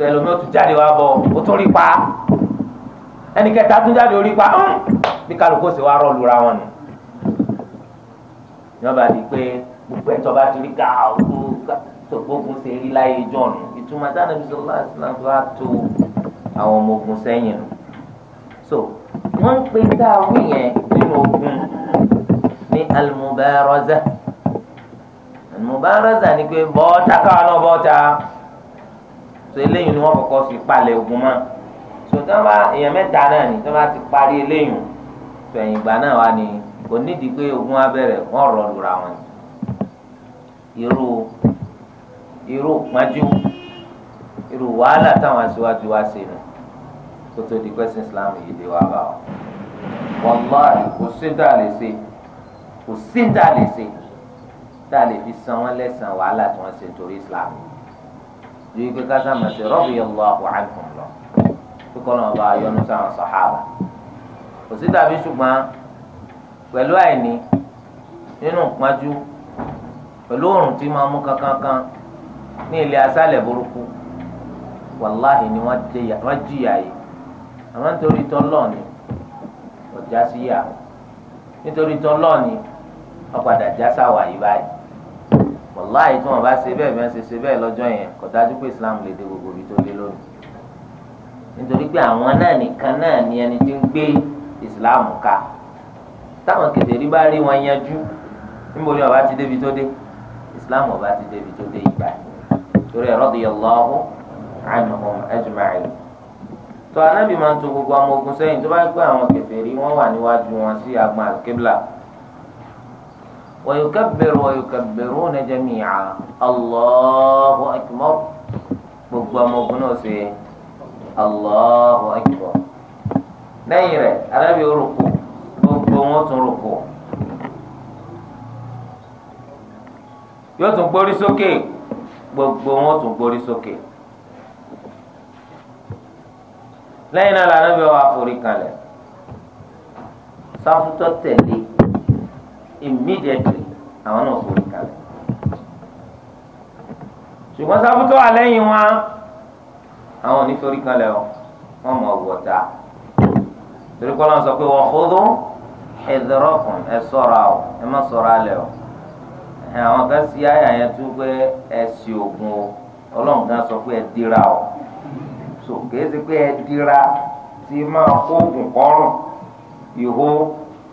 tẹlomi o tún jáde wá bọ o tún rí pa ẹni kẹta tún jáde orí pa bí kálukú sì wá rọlù ra wọn ni yọba di pé gbogbo ẹtọ bá ti rí ká ogun tókògùn ṣe rí láyé john ìtumọ̀ dáná bí sọlá islam bá tó àwọn ọmọ ogun sẹ́yìn nù so wọ́n ń pe tá a wí yẹn nínú ogun ní almubaraza almubaraza ni pé bọ́ọ̀ta káwọn náà so eléyìí ni wọ́n kọ́kọ́ fi palẹ̀ ogun mọ́ so tí wọ́n bá èèyàn mẹ́ta náà ni tí wọ́n bá ti parí eléyìí so ẹ̀yìn ìgbà náà wà ní kò nídìí pé ogun abẹ́rẹ́ wọ́n rọ̀ lura wọn irú irú pọ́njú irú wàhálà táwọn aṣíwájú wa ṣe nù kó tó di pẹ́sìn Islam yìí dé wá bá wọn wàláì kò sí tá a lè ṣe kò sí tá a lè ṣe tá a lè fi san wọn lẹ́sàn wàhálà tí wọ́n ṣe nítorí Islam yìí ju ike kásá màsí radiyallahu anhum lọ kíkọ́ lọ́wọ́ bá yọnu sáwọn sàhábà kò sí tàbí ṣùgbọ́n pẹ̀lú àìní nínú ìpájú pẹ̀lú òrùn tí máa mú kankankan ní ilé asálẹ̀ burúkú wàláhì ni wọ́n jìyà yìí àmọ́ nítorí tọ́lọ́ọ̀ni ọ̀já síyà nítorí tọ́lọ́ọ̀ni ọ̀padà já sáwà yìí báyìí wàláì tí wọn bá ṣe bẹ́ẹ̀ bẹ́ẹ̀ ṣe ṣe bẹ́ẹ̀ lọ́jọ́ yẹn kò dájú pé islam lè dé gbogbo ibi tó dé lónìí nítorí pé àwọn náà nìkan náà ni ẹni tí ń gbé islam ká táwọn kèfèrí bá rí wọn yanjú níbo ni ọba ti débi tó dé islam ọba ti débi tó dé ìgbà torí ẹ radiyallahu anhum ajma'in tó anábì máa ń tò gbogbo ọmọ ogun sẹ́yìn tó bá gbé àwọn kèfèrí wọ́n wà níwájú wọn sí agbọn àkébìlà. ويكبر ويكبرون جميعا الله أكبر gbogbo ọmọ الله أكبر ṣe Allahu Akbar lẹ́yìn rẹ̀ arábì orúkọ gbogbo wọn tún rúkọ yóò tún gbórí sókè gbogbo wọn tún gbórí sókè lẹ́yìn náà làrábì wa forí kalẹ̀ sáfútọ tẹ̀lé immediately àwọn náà forí kalẹ̀ ṣùgbọ́n sábútọ́ àlẹ́yìn wọn àwọn òní forí kalẹ̀ o wọ́n mọ̀ wọ̀ta torí kọ́ lọ́n sọ pé wọ́n kúndú ẹ̀dọ́rọ̀kùn ẹ sọ̀ra o ẹ má sọ̀ra alẹ̀ o àwọn kan sí àyà yẹn tún pé ẹ sì ògùn o ọlọ́run kan sọ pé ẹ dira o so kìí ṣe pé ẹ dira tí máa kó ògùn kọ́rùn ìhó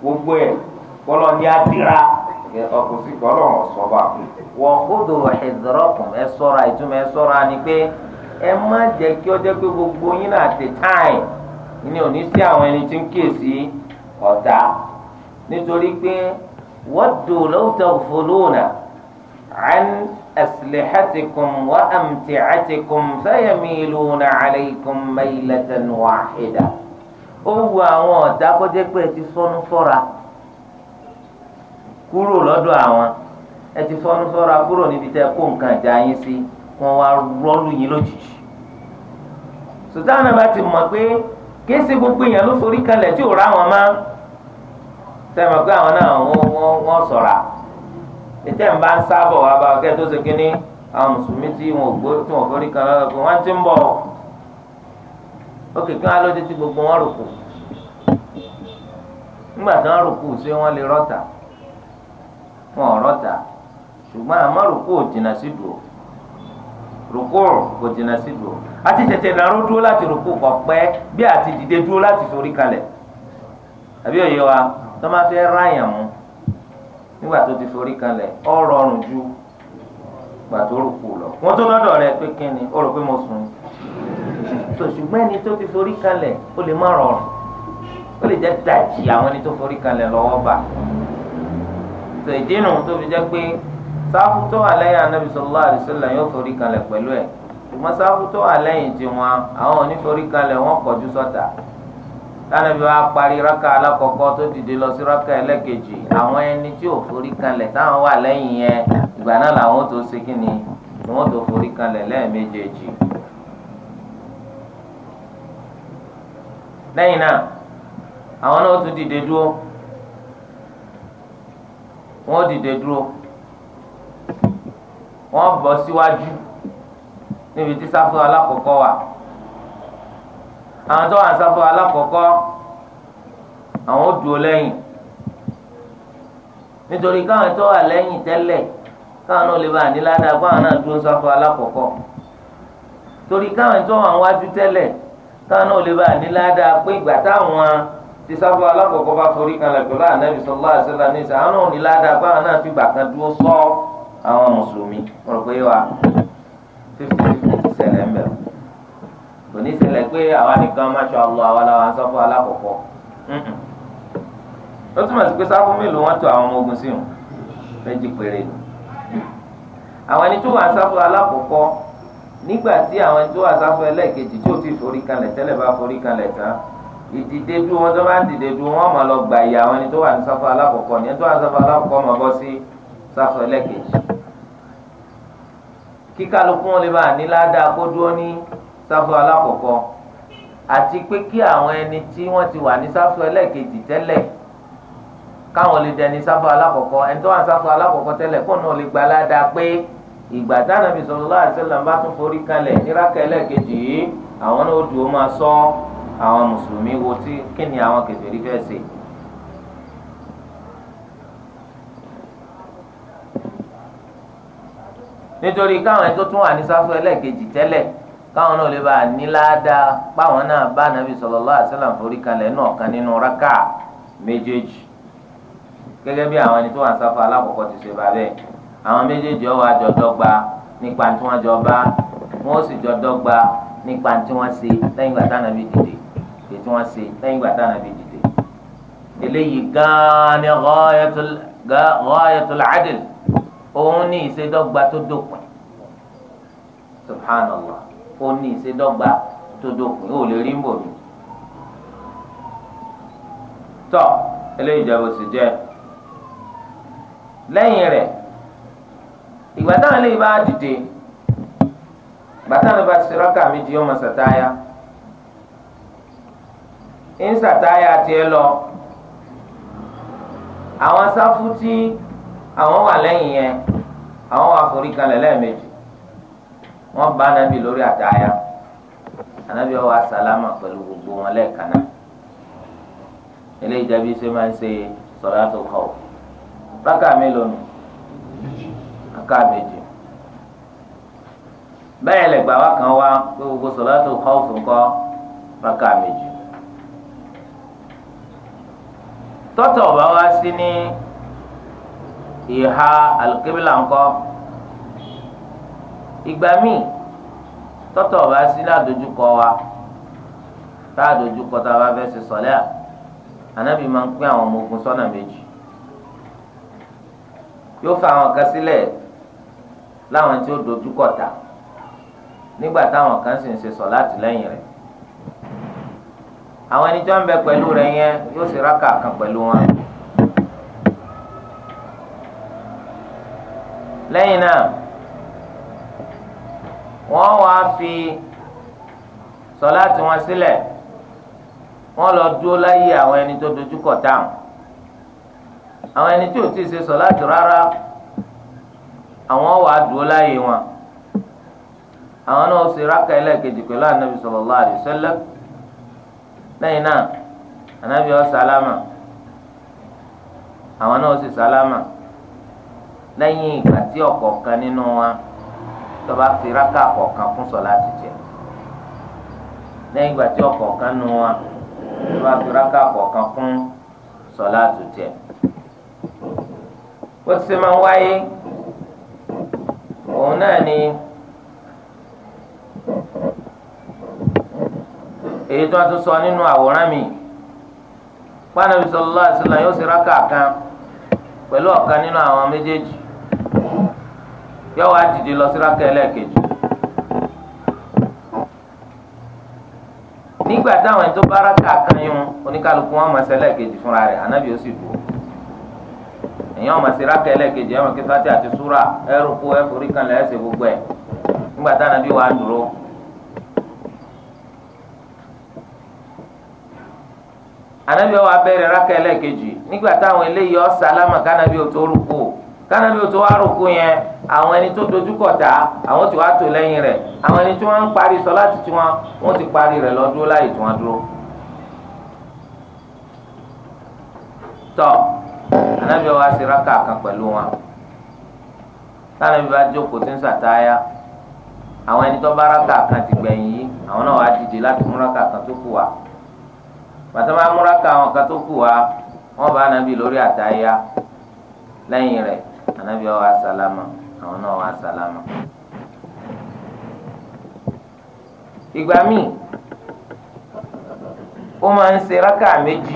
gbogbo ẹ̀ kọlọ ní atira ọkùnrin kọlọ ọsọba. wọ́n kúndò ìdúrọ́kùn ẹ sọ́ra ìtumọ̀ ẹ sọ́ra ni pé ẹ má jẹ́ kí ọjọ́ pé gbogbo yín náà ti táì ní òní sí àwọn ẹni tí ń kíyèsí ọ̀tá nítorí pé wọ́n dùn lọ́wọ́tà fòlóònà àn aslihatikum wa amti'atikum fayamiluna alaykum maylatan wahida. ó wu àwọn ọ̀tá kó pé ẹ ti sọnù sọ́ra. kúrò lọ́dọ̀ àwọn ẹ ti fọ́nú sọ́ra kúrò níbi tẹ́ kó nǹkan ìjà yín sí wọn wá rọ́ọ̀lù yín lójijì bá ti mọ̀ pé kìí gbogbo èèyàn ló kalẹ̀ tí ò rá wọn mọ́ sẹ́mi pé àwọn náà wọ́n sọ̀ra ń bá ń sábọ̀ wá bá tó ṣe kínní àwọn mùsùlùmí tí wọn ò gbó tí gbogbo wọn nígbà tí wọn wọn ọ̀rọ̀ ta ṣùgbọ́n àmọ́ rúkú ò jìnnà sí dùn rúkú kò jìnnà sí dùn àti tètè nàró dúró láti rúkú kọ pẹ́ bí àti dìde dúró láti forí kalẹ̀ àbí òye wa tó máa fẹ́ ráyàn mú nígbà tó ti forí kalẹ̀ ọ rọrùn ju gbà tó rúkú lọ wọ́n tó lọ́dọ̀ rẹ pé kí ni ó rò pé mo sùn ṣùgbọ́n ẹni tó ti forí kalẹ̀ ó lè má rọrùn ó tó ìdí nu tó fi jẹ́ pé sáfù tó wà lẹ́yìn anabi sallallahu alaihi wasallam yóò forí kalẹ̀ pẹ̀lú ẹ̀ ṣùgbọ́n sáfù tó wà lẹ́yìn tiwọn àwọn oníforí kalẹ̀ wọ́n kọjú sọ́tà tánàbí wa parí rákà alákọ̀ọ́kọ́ tó dìde lọ sí rákà ẹlẹ́kejì àwọn ẹni tí ò forí kalẹ̀ táwọn wà lẹ́yìn yẹn ìgbà náà làwọn tó ṣe kí ni wọ́n tó forí kalẹ̀ lẹ́ẹ̀mejèèjì. lẹ́yìn náà àwọn náà tún dìde dúró wọ́n dìde dúró wọ́n bọ́ síwájú níbi tí sáfù alákọ̀ọ́kọ́ wà àwọn tó wà sáfù alákọ̀ọ́kọ́ àwọn ó dúró lẹ́yìn nítorí káwọn tó wà lẹ́yìn tẹ́lẹ̀ káwọn náà lè bá àníládàá káwọn náà dúró sáfù alákọ̀ọ́kọ́ torí káwọn tó wà wájú tẹ́lẹ̀ káwọn náà lè bá àníládàá pé ìgbà táwọn tisafu alakoko bá forí kalẹ̀ pẹ̀lú anabi sallallahu alaihi wasallam ní sàn án ní ládàá báwọn náà fi gbà kan dúró sọ àwọn mùsùlùmí rò pé wa fífi fífi ti ṣẹlẹ̀ ń bẹ kò ní ṣẹlẹ̀ pé àwa nìkan masha Allah àwa làwọn sọfọ alakoko ó túmọ̀ sí pé sáfù mélòó wọ́n tó àwọn ọmọ ogun sí wọn méjì péré ni àwọn ẹni tó wà sáfù alakoko nígbà tí àwọn ẹni tó wà sáfù ẹlẹ́ẹ̀kejì tí ò ti forí kalẹ̀ tẹ́lẹ̀ bá forí kalẹ̀ tán ìdìde dúró wọn tó bá ń dìde dúró wọn máa lọ gbà ìyá àwọn ẹni tó wà ní sáfù alákọ̀ọ́kọ́ ni ẹni tó wà ní sáfù alákọ̀ọ́kọ́ máa bọ́ sí sáfù ẹlẹ́kejì kí kálukú wọn lè bá ní ládàá kó dúró ní sáfù alákọ̀ọ́kọ́ àti pé kí àwọn ẹni tí wọ́n ti wà ní sáfù ẹlẹ́kejì tẹ́lẹ̀ káwọn lè dẹni sáfù alákọ̀ọ́kọ́ ẹni tó wà ní sáfù alákọ̀ọ́kọ́ tẹ́lẹ̀ kó náà lè gbà ládàá pé ìgbà táwọn Ànábì sallallahu alaihi wasallam bá tún forí kalẹ̀ ní rákà yìí àwọn mùsùlùmí wo tí kí ni àwọn kèfèrí fẹ́ ṣe. nítorí káwọn tó tún wà ní sáfù ẹlẹ́ẹ̀kejì tẹ́lẹ̀ káwọn náà lè bá a ní páwọn náà bá nàbì sallallahu alaihi wasallam forí kalẹ̀ nù ọ̀kan nínú rákà méjèèjì gẹ́gẹ́ bí àwọn ẹni tó wà ní sáfù alákọ̀ọ́kọ́ ti ṣe bá bẹ́ẹ̀ àwọn méjèèjì ọwọ́ àjọ̀dọ́gba nípa tí wọ́n jọ bá wọ́n sì jọ dọ́gba nípa tí wọ́n ṣe lẹ́yìn ìgbà nàbì dìde èyí tí wọ́n ṣe lẹ́yìn ìgbà táwọn àbí dìde eléyìí gan-an ni ghayatul adl òun ní ìṣèdọ́gba tó dópin subhanallah ó ní ìṣèdọ́gba tó dópin ó lè rí ń bò mí. tọ́ eléyìí jẹ́ bó jẹ́ lẹ́yìn rẹ̀ ìgbà táwọn eléyìí bá dìde ìgbà táwọn bá ti ṣe rákà méjì yóò sàtáyà. ń sàtáyà tiẹ̀ àwọn safuti àwọn wà lẹ́yìn yẹn àwọn wà forí kalẹ̀ wọn bá anabi lórí àtàyà anabi gbogbo wọn lẹ́ẹ̀kan eléyìí jẹ́bi ṣe máa ń ṣe sọ̀rọ̀tò kọ̀ rákà mélòó nù aka méjì bẹ́ẹ̀ lẹ́gbàá wa kan wá tọ́tọ̀ ọ̀bá wá sí ní ìhà alùkébìlà ńkọ́ ìgbà míì tọ́tọ̀ ọ̀bá sí ní àdójúkọ wa tá àdójúkọ tá a bá fẹ́ ṣe sọ̀lẹ́ à ànábì máa ń pín àwọn ọmọ ogun sọ́nà méjì yóò fa àwọn kan sílẹ̀ láwọn tí ó dojúkọ ta nígbà táwọn kan sì ń ṣe sọ̀ láti lẹ́yìn rẹ̀ àwọn ẹni tó ń bẹ pẹ̀lú rẹ̀ yẹn yóò sì rákà kan pẹ̀lú wọn. lẹ́yìn náà wọ́n wáá fi sọláàtì wọn sílẹ̀ wọ́n lọ dúró láyé àwọn ẹni tó dojúkọ táwọn àwọn ẹni tí ò tí ì ṣe sọláàtì rárá àwọn wàá dúró láyé wọn àwọn náà ó sì rákà ẹlẹ́ẹ̀kejì pẹ̀lú ànábì sallallahu alaihi lẹ́yìn náà anabi ọ sálámà àwọn náà sì lẹ́yìn ìgbà tí nínú wa fi rákà kọ̀ọ̀kan ti jẹ lẹ́yìn ìgbà tí nínú wa fi rákà kọ̀ọ̀kan kún sọ̀lá ti jẹ ti ṣe máa ń wáyé òun náà èyí tó a tún sọ nínú àwòrán mi pàànàbí sọlọ́lá àṣìlá yóò sì rákà kan pẹ̀lú ọ̀kan nínú àwọn méjèèjì yóò wá dìde lọ sí rákà ẹlẹ́ẹ̀kejì. nígbà táwọn ẹni tó bá rákà kan yún oníkálukú wọn máa ṣe ẹlẹ́ẹ̀kejì fúnra rẹ̀ ànábì ó sì dùn èyàn ọmọ sí kí fati àti kan gbogbo e. nígbà táwọn ẹni anabi wa bẹ̀rẹ̀ raka ẹlẹ́ẹ̀kejì nígbà táwọn eléyìí ọsàlámà kánábì òtó rúkú kánábì òtó wá rúkú yẹn àwọn ẹni tó dojúkọ tá àwọn tí wàá tò lẹ́yìn rẹ̀ àwọn ẹni tí wọ́n ń parí sọ láti tí wọ́n wọ́n ti parí rẹ̀ lọdúró láyè tí wọ́n dúró. tọ anabi wa ṣe raka kan pẹ̀lú wọn kánábì bá jókòó tí ń sàtáyà àwọn ẹni tó bá raka kan ti gbẹ̀yìn yìí àwọn náà wàá dìde láti mú raka kan tó kù wá bàtà máa múra ka àwọn kan tó kù wa wọ́n bá anabi lórí àtàyà lẹ́yìn rẹ̀ anabi ọ̀ wá sálámà àwọn náà wá sálámà. ìgbà míì ó máa ń ṣe rákà méjì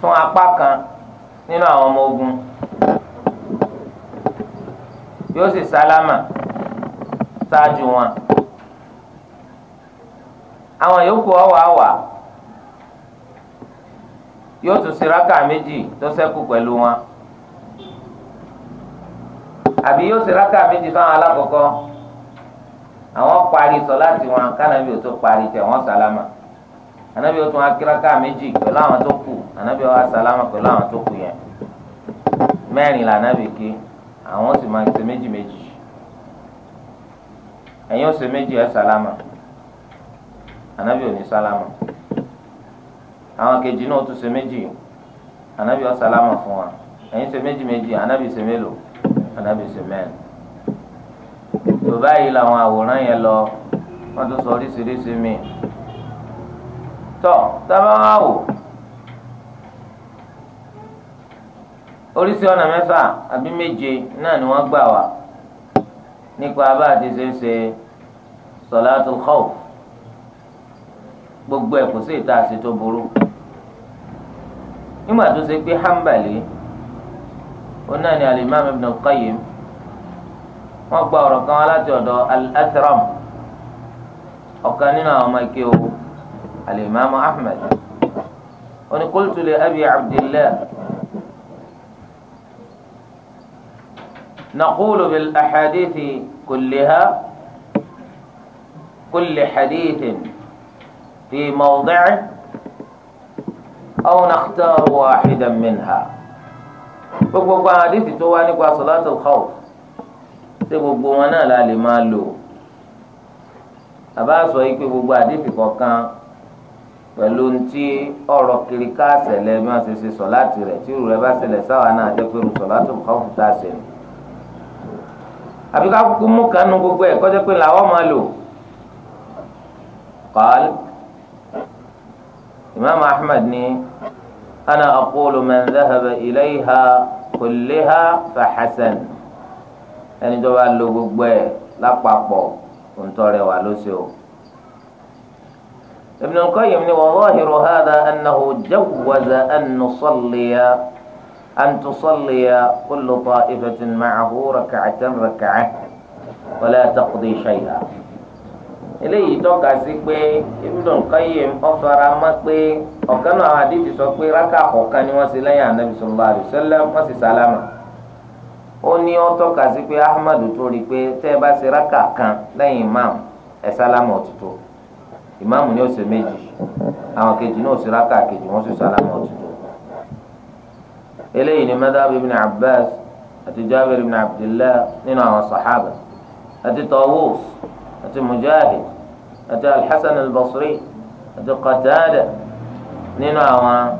fún apá kan nínú àwọn ọmọ ogun yóò sì sálámà ṣáájú wọn àwọn yòókù ọwà wà yóò tún siraka méjì tó ṣẹ́kù pẹ̀lú wọn àbí yóò siraka méjì fáwọn alákọ̀ọ́kọ́ àwọn parí sọláàtì wọn kánábì ò tó parí tẹ̀ wọ́n sálámà ànábì ó tún akíraka méjì pẹ̀lú àwọn tó kù ànábì ó wá sálámà pẹ̀lú àwọn tó kù yẹn mẹ́rin lànábì ké àwọn sì máa ṣe méjì méjì ẹ̀yin ó ṣe méjì ẹ̀ sálámà anabi ò ní sálámà àwọn kejì náà tún ṣe méjì anabi ò sálámà fún wa ẹ̀yin ṣe méjì méjì anabi ṣe mélòó anabi ṣe mẹ́rin tó báyìí làwọn àwòrán yẹn lọ wọ́n tún sọ oríṣiríṣi mi tọ́ tábà wà wò oríṣi ọ̀nà mẹ́fà àbí méje náà ni wọ́n gbà wá nípa abá ṣe ń ṣe sọ̀látù khawf gbogbo ẹ̀ kò sí ìta àṣẹ tó burú nígbà tó ṣe pé hanbali òun náà ni alimam ibn qayyim wọ́n gba ọ̀rọ̀ kan láti ọ̀dọ̀ al-asram ọ̀kan nínú àwọn ọmọ ike o alimam ahmed oni qultu abdillah naqulu bil ahadithi kulliha kulli hadithin. في موضعه أو نختار واحدا منها gbogbo àdìsí tó wá nípa sọláàtì khawf ṣé gbogbo wọn náà la lè máa lò pẹ̀lú ti ọ̀rọ̀ kiri ká ṣẹlẹ̀ bí wọ́n ṣe ṣe sọláàtì rẹ̀ tí irú rẹ̀ bá ṣẹlẹ̀ sáwà náà jẹ́ pé sọláàtì khawf tá a ṣe nù. àbí kúkú mú kanú gbogbo ẹ̀ kọ́jọ́ pé làwọn máa lò kọ́ọ́lù. إمام أحمد ني أنا أقول من ذهب إليها كلها فحسن أنا جوا اللوغ بوي لا بابو والوسيو ابن القيم ني وظاهر هذا أنه جوز أن نصلي أن تصلي كل طائفة معه ركعة ركعة ولا تقضي شيئا eléyìí tọ́ka sí pé ibùdókàn káyé ọ̀fara má pé ọ̀kan náà àwọn sọ pé rákà kọ̀ọ̀kan ni wọ́n ṣe lẹ́yìn anabi sallallahu wọ́n sì sálámà ó ní ahmadu tó rí i pé kan lẹ́yìn imam ẹ sálámà òtútù imam ni ó ṣe méjì àwọn kejì náà ó ṣe rákà kejì wọ́n sì sálámà eléyìí ni ibn abbas àti jabir ibn nínú àwọn sahaba أتى مجاهد أتى الحسن البصري أتى قتادة نينوى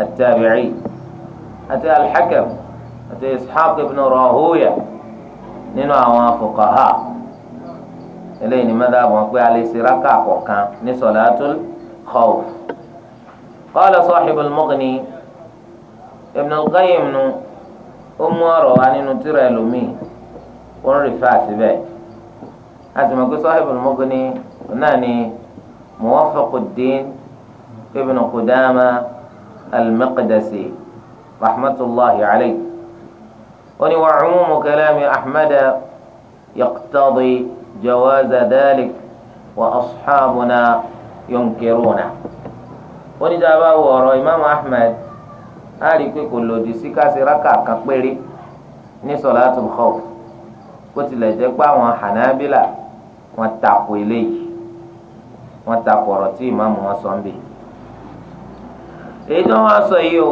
التابعي أتى الحكم أتى إسحاق بن راهوية نينوى فقهاء إليني ماذا أبو علي سيراكا وكان نصلاة الخوف قال صاحب المغني ابن القيم أم وروان نترى لومي ونرفع سبيل láti mọ̀ pé sahibul mughni náà ni muwafaquddin ibn qudama al-maqdisi rahmatulahi alayhi wọ́n ní wa umumu kalami ahmada yaqtadi jawaza dhalik wa ashabuna yunkiruna wọ́n ní dábàá wọ ọ̀rọ̀ imam ahmed á rí i pé kò lòdì sí káṣí rákà khawf bó tilẹ̀ jẹ́ pé wọ́n takò eléyìí wọ́n takò ọ̀rọ̀ tí ìmáàmù wọn sọ ń bì. èyí tó wọ́n sọ yìí o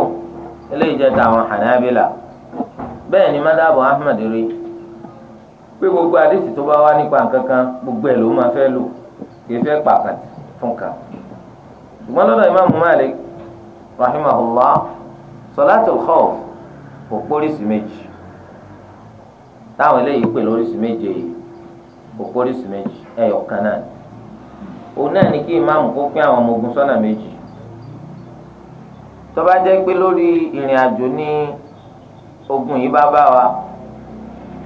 eléyìí jẹ́ tàwọn Hanabila bẹ́ẹ̀ ni mádàbọ̀ Ahmad rí pé gbogbo àdìsí tó bá wá nípa nǹkan kan gbogbo ẹ̀ ló máa fẹ́ lò kì í fẹ́ pàkàtì fún kan. ṣùgbọ́n ìmáàmù Malik rahimahullah salatul khawf kò pórísì méjì táwọn eléyìí pè lóríṣi méje yìí òpórísì méjì ẹyọ kan náà ni òun náà ni kí ìmáàmù kó pín àwọn ọmọ ogun sọ́nà méjì tó bá pé lórí ìrìn àjò ní ogun yìí bá bá wa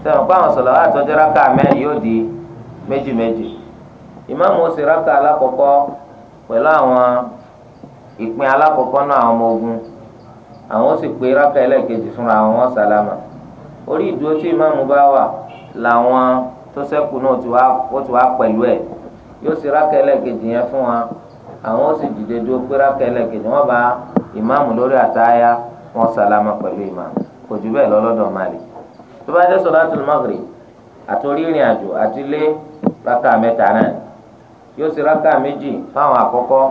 sẹ́wọ̀n pé àwọn sọ̀lá àtọ́jú rákà mẹ́rin yóò di méjì méjì ìmáàmù ó sì rákà alákọ̀ọ́kọ́ pẹ̀lú àwọn ìpín alákọ̀ọ́kọ́ náà àwọn ọmọ ogun àwọn ó sì pé rákà ẹlẹ́ẹ̀kejì fúnra wọn sálámà orí ìdúró tí ìmáàmù bá wà làwọn tó sẹ́kù náà ó ti wá pẹ̀lú ẹ̀ yóò sì rákẹ́ ẹlẹ́kejì yẹn fún wa àwọn ó sì dìde dúró pé rákẹ́ ẹlẹ́kejì wọ́n bá ìmáàmù lórí àtayá wọn sàlámà pẹ̀lú ìmáàmù kò jù bẹ́ẹ̀ lọ́lọ́dọ̀ Malik tó bá dé sọ̀látul Maghrib àtòrí ìrìn àjò àti lé rákà mẹ́ta náà yóò sì rákà méjì fáwọn àkọ́kọ́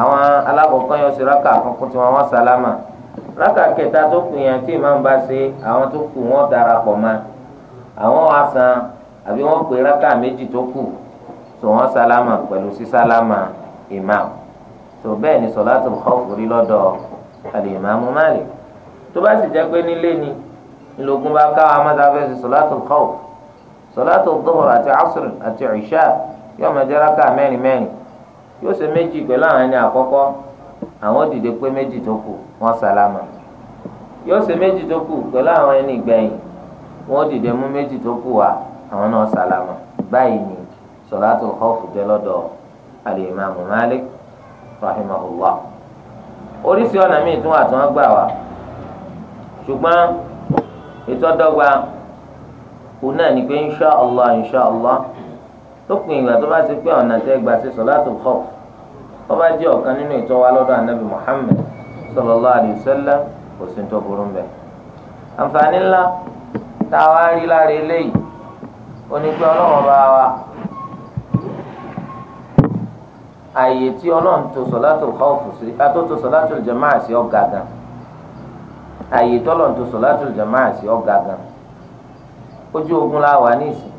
àwọn alákọ̀ọ́kọ́ yóò sì rákà àkọ́kọ́ tí wọ́n wọ́n sàlámà rákà kẹta tó kù yẹn tí ìmáàmù bá ṣe àwọn tó kù wọ́n darapọ̀ máa àwọn wa san àbí wọ́n pè rákà méjì tó kù tó wọ́n sálámà pẹ̀lú sí sálámà imam tó bẹ́ẹ̀ ni sọ̀látù khawf rí lọ́dọ̀ al-Imamu Malik tó bá sì jẹ́ pé nílé ni ńlọgún bá ká wa mọ́ta fẹ́ sí sọ̀látù khawf sọ̀látù dhuhr àti asr àti ìṣá yóò máa jẹ́ rákà mẹ́rin mẹ́rin yóò ṣe méjì pẹ̀lú àwọn ẹni àkọ́kọ́ àwọn dìde pé méjì tó kù wọ́n sálámà yóò ṣe méjì tó kù pẹ̀lú àwọn ẹni ìgbẹ̀yìn wọ́n dìde mú méjì tó kù wá àwọn náà sàlámà báyìí ni sọ̀látù khawfu jẹ́ lọ́dọ̀ al-Imam Malik rahimahullah oríṣi ọ̀nà míì tún wà tí wọ́n gbà wá ṣùgbọ́n ìtọ́dọ́gba kù náà ni pé insha Allah insha Allah tó pin ìgbà tó bá ti pé ọ̀nà tẹ́ gbà sí sọ̀látù khawf tó bá jẹ́ ọ̀kan nínú ìtọ́ wa lọ́dọ̀ anabi Muhammad sallallahu alayhi kò sí tó burú mbẹ́ àǹfààní ńlá tá a wá rí lára eléyìí onígbé ọlọ́run bá wa àyè tí ọlọ́run tó sọ̀látò kọ́ọ̀fù sí atótó sọ̀látò si sí ọ̀gá gan àyè tọ́lọ̀ tó sọ̀látò jàmáà sí ọ̀gá gan ojú ogun la wà nísìn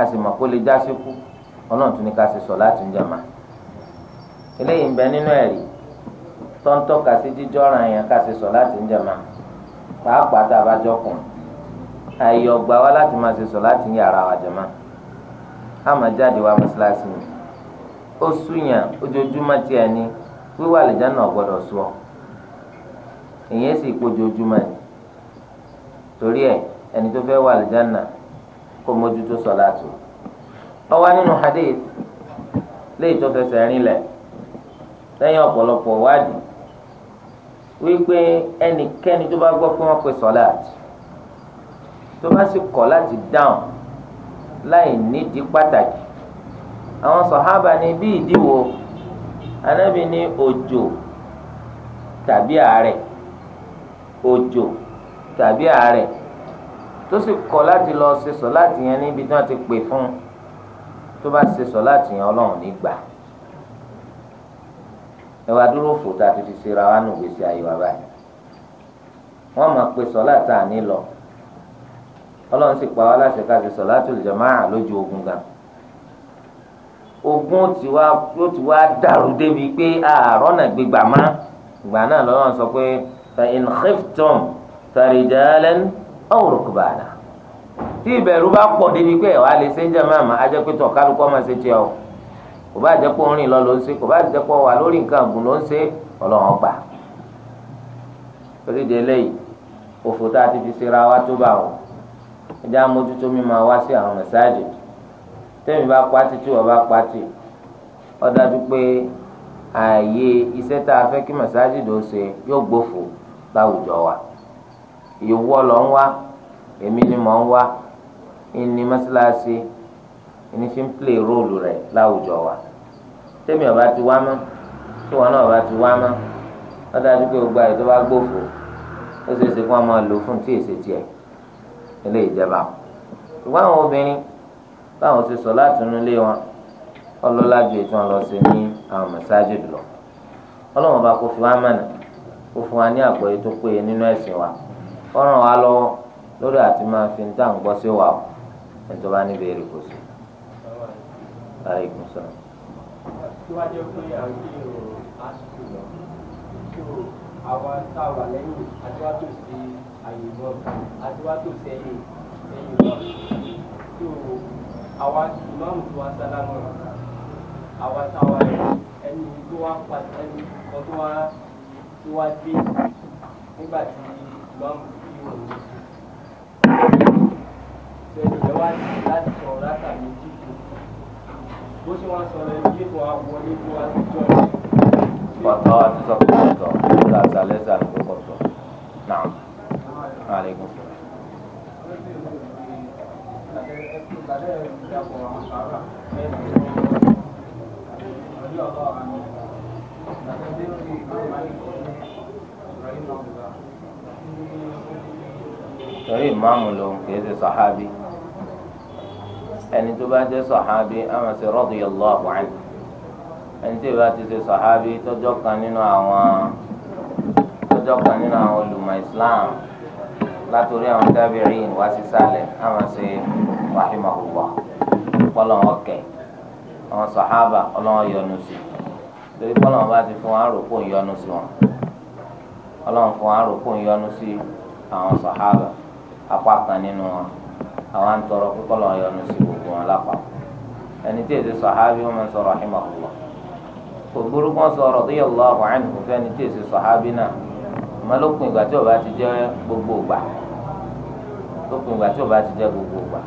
a sì mọ̀ kó lè já síkú ọlọ́run tún ní ká ṣe sọ̀látò jàmáà eléyìí ń bẹ nínú ẹ̀rí tọ́ńtọ́ka sí jíjọ́ra yẹn ká ṣe sọ̀látò jàmáà pàápàá tá Ayi ọgbà wa láti máa ṣe sọ láti ní ara wa jẹ̀mọ́ a máa jáde wa mọ́ṣáláṣí ni ó súnyàn ojoojúmọ́ tí ẹni wíwà lẹ́jà náà gbọ́dọ̀ sọ èyí sì pojoojúmọ́ ni torí ẹ ẹni tó fẹ́ wà náà kó mójútó sọ láti ọ wá nínú hadith léyìí tó fẹsẹ̀ rinlẹ̀ lẹ́yìn ọ̀pọ̀lọpọ̀ wádìí wípé ẹnikẹ́ni tó bá gbọ́ pé wọ́n tó bá sì kọ̀ láti dáhùn láì nídìí pàtàkì àwọn sọ̀hábà ní bí ìdíwọ́ anábì ní òjò tàbí àárẹ̀ òjò tàbí àárẹ̀ tó sì kọ̀ láti lọ ṣe sọ láti yẹn níbi tí wọ́n ti pè fún tó bá ṣe sọ láti yẹn ọlọ́run nígbà ẹwà dúró fòtà tó ti ṣe ra wa nù gbèsè àyè wa báyìí wọ́n máa pè sọ láti àní lọ ọlọ́run sì pa wá láṣẹ ká ṣe sọ̀látùl jàmáà lójú ogun gan ogun yóò ti wá dàrú débi pé àárọ̀ náà gbégbà má ìgbà náà lọ́lọ́run sọ pé fa in khiftum farijalan aw rukbana tí ìbẹ̀rù bá pọ̀ débi pé ẹ̀wá lè ṣe ń jẹ́ máàmá a jẹ́ pé tọ̀ kálukú ọmọ ṣe tiẹ̀ o kò bá jẹ́ pé orin lọ ló ń ṣe kò bá jẹ́ pé wà lórí nǹkan ọ̀gùn ló ń ṣe ọlọ́run gbà. torí de eléyìí òfò tá a ti fi ṣe ra wa tó bá wọn ẹjẹ amójútó mi máa wá sí àwọn mẹsáàjì tẹ́mi bá pati tí wọ́n bá pati ó dájú pé ààyè iṣẹ́ tá a fẹ́ kí mẹsáàjì ló ṣe yóò gbófò láwùjọ wa ìwọ lọ ń wá èmi ni mò ń wá ìní mọ́ṣáláṣí ìní fi ń play róòlù rẹ̀ láwùjọ wa tẹ́mi ọba ti wá mọ́ tí wọn náà bá ti wá mọ́ ó dájú pé gbogbo àyè tó bá gbófò ó ṣeé ṣe kí wọ́n máa fún tí èsì tiẹ̀ ilé ìjẹba ṣùgbọ́n àwọn obìnrin báwọn ti sọ láti inú ilé wọn ọlọ́lá ju ètò wọn lọ sí ní àwọn mẹ́sáájì lọ ọlọ́wọ́n bá kó fi wá mọ̀nà kó fún wa ní àgbọ́yé tó péye nínú ẹ̀sìn wa ó ràn lọ́wọ́ lórí àti máa fi ń dá ń gbọ́ sí wa o ẹni tó bá níbi èrè kò sí. tí wàá jẹ́ a wà lẹ́yìn àti wàá tó sí àyè náà àti wá tó sẹ́yìn lẹ́yìn náà tó àwa ìmáàmù tó wá sálámù àwa táwa ẹni tó wá pàṣẹ ẹni kan tó wá tó wá dé nígbà tí ìmáàmù kí òun lẹ́yìn rẹ̀ wá sí láti sọ látà méjì tó bó ṣe wá sọ̀rọ̀ ẹni yé fún wa wọlé fún wa tó jọ ẹ. Wàhálà ti sọ fún ọ̀tọ̀, ó dá àṣà lẹ́sà ló kọ̀ tọ̀. ওয়ালাইকুম torí ìmáàmù lòun kìí ṣe sàhábì ẹni tó bá jẹ́ sàhábì àwọn ṣe radiyallahu anhu ẹni tí ìbá ti ṣe sàhábì tọ́jọ́ kan nínú àwọn tọ́jọ́ kan nínú àwọn olùmọ̀ Islam. látòrí àwọn tábìrín wá sí sálẹ̀ àwọn ṣe rahimahullah ọlọ́run ọkẹ́ àwọn sàhábà ọlọ́run yọ́nú sí torí ọlọ́run bá ti fún wọn àròkò yọ́nú sí wọn ọlọ́run fún wọn àròkò yọ́nú sí àwọn sàhábà apá kan nínú wọn àwọn à ń tọrọ pé ọlọ́run yọ́nú sí gbogbo wọn lápapọ̀ ẹni tí èsì sàhábì wọn máa ń sọ rahimahullah kò burúkú wọn sọ radiyallahu anhu fẹ́ni tí èsì sàhábì náà ọmọlókun ìgbà tí ọba ti jẹ́ gbogbo ìgbà. lópin ìgbà tí o bá ti jẹ gbogbo ìgbà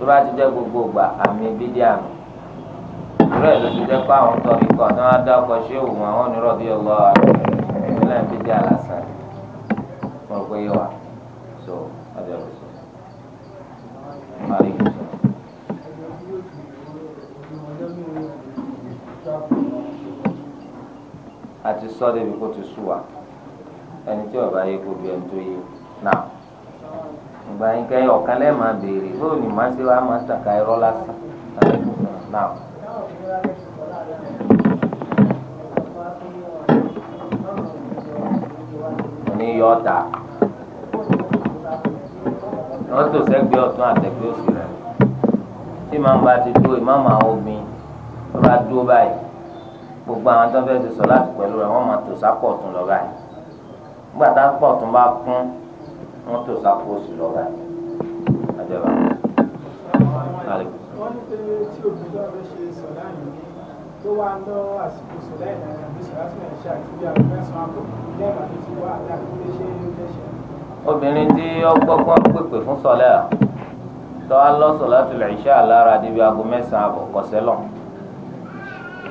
tó bá ti gbogbo ìgbà àmì bídíà mi ìrọ̀ ẹ̀ ló ti jẹ́ pé àwọn ọ na kọ́ náà dá ọkọ̀ ṣé òun àwọn onírọ̀ bí ọlọ́ ìpínlẹ̀ bídíà lásán mo wa so ọjọ́ ló sọ. àti sọ débi kó ti wa ẹni ọba yẹ kó bí ẹni tó yẹ ìgbà yín kẹ́yìn ọ̀kan lẹ́ẹ̀ máa béèrè bóò ní màá ṣe wá máa tàka irọ́ lásán náà. òní yọ ọ̀tà wọ́n tò sẹ́gbẹ́ ọ̀tún àtẹ̀gbẹ́ òsì rẹ̀ tí màá bá ti dúró ìmáàmù àwọn obìnrin tó bá dúró gbogbo àwọn tó ń fẹ́ ṣe sọ láti pẹ̀lú lọ báyìí pọ̀ bá wọ́n tó sàpòsì lọ́ba àjọba. wọ́n ní pé tí obìnrin náà fẹ́ ṣe sọ̀dá yìí tó wá lọ àsìkò sọ̀dá ìlànà bí sọ̀dá sílẹ̀ ṣe àti bí àwọn mẹ́sàn-án àbọ̀ lẹ́ẹ̀ma tó ti wá àdáyé pé ṣé ó ṣe. obìnrin tí ọgbọ́gbọ́n pèpè fún sọ̀lẹ́ à tó wá lọ sọ̀lá tilẹ̀ ìṣá lára débi aago mẹ́sàn-án àbọ̀ kọ̀sẹ́lọ̀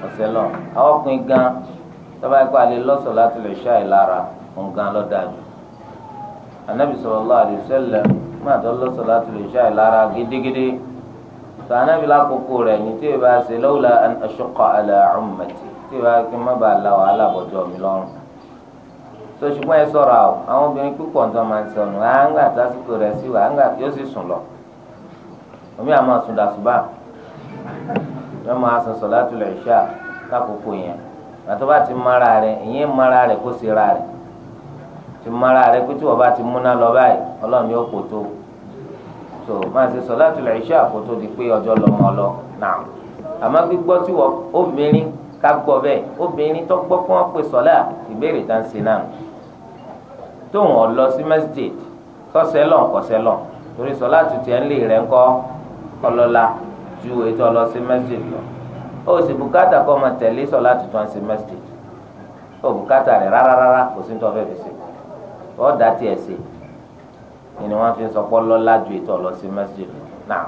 kọ̀sẹ́lọ̀ àwọn ọkùnrin gan tó bá gbà lé lọ́sọ̀lá tilẹ̀ ìṣá ìlara òun gan lọ́dà jù anabi sallallahu alaihi wasallam máa tó lọ salatul isha ìlara gidigidi sọ anabi lákòókò rẹ̀ ní tí ìbá ṣe lawla an ashqa ala ummati tí ìbá kí n má bàa la wàhálà bọ̀jọ́ mi lọ́rùn tó ṣùgbọ́n ẹ sọ̀rọ̀ àwọ̀ àwọn obìnrin púpọ̀ nǹkan máa ń sọnù à ń gbà tásìkò rẹ̀ sí wa à ń gbà yóò sì sùn lọ omi àmọ́ sùn dàsùbà yóò máa sùn salatul isha lákòókò yẹn àtọ́ bá ti mara rẹ̀ ìyẹn mara rẹ̀ kó ṣe ra ti mara rẹ pé tí wọ́n bá ti múná lọ báyìí ọlọ́run yóò kó tó so máa ṣe solatul isha àkótó di pé ọjọ́ lọ́mọ lọ náà àmọ́ gbígbọ́ tí wọ́n obìnrin ká gbọ́ bẹ́ẹ̀ obìnrin tó gbọ́ fún wọn pé sọlá ìbéèrè tá ń ṣe náà tóun ọ̀ lọ sí masjid kọ́sẹ́lọ̀ kọ́sẹ́lọ̀ torí sọlá tuntun ẹ̀ ń lè rẹ̀ ń kọ́ ọlọ́lá ju ètò ọlọ́ sí masjid lọ ó sì bùkátà kọ́ ọmọ tẹ̀lé sọlá tuntun ẹ̀ sí masjid ó bùkátà rẹ̀ rárá rárá kò sí ní tó fẹ́ fi ṣe ọ̀dà tiẹ̀ sí i ni wọ́n fi ń sọpọ́ lọ́la ju ètò ọ̀lọ́ sí masjid náà. àwọn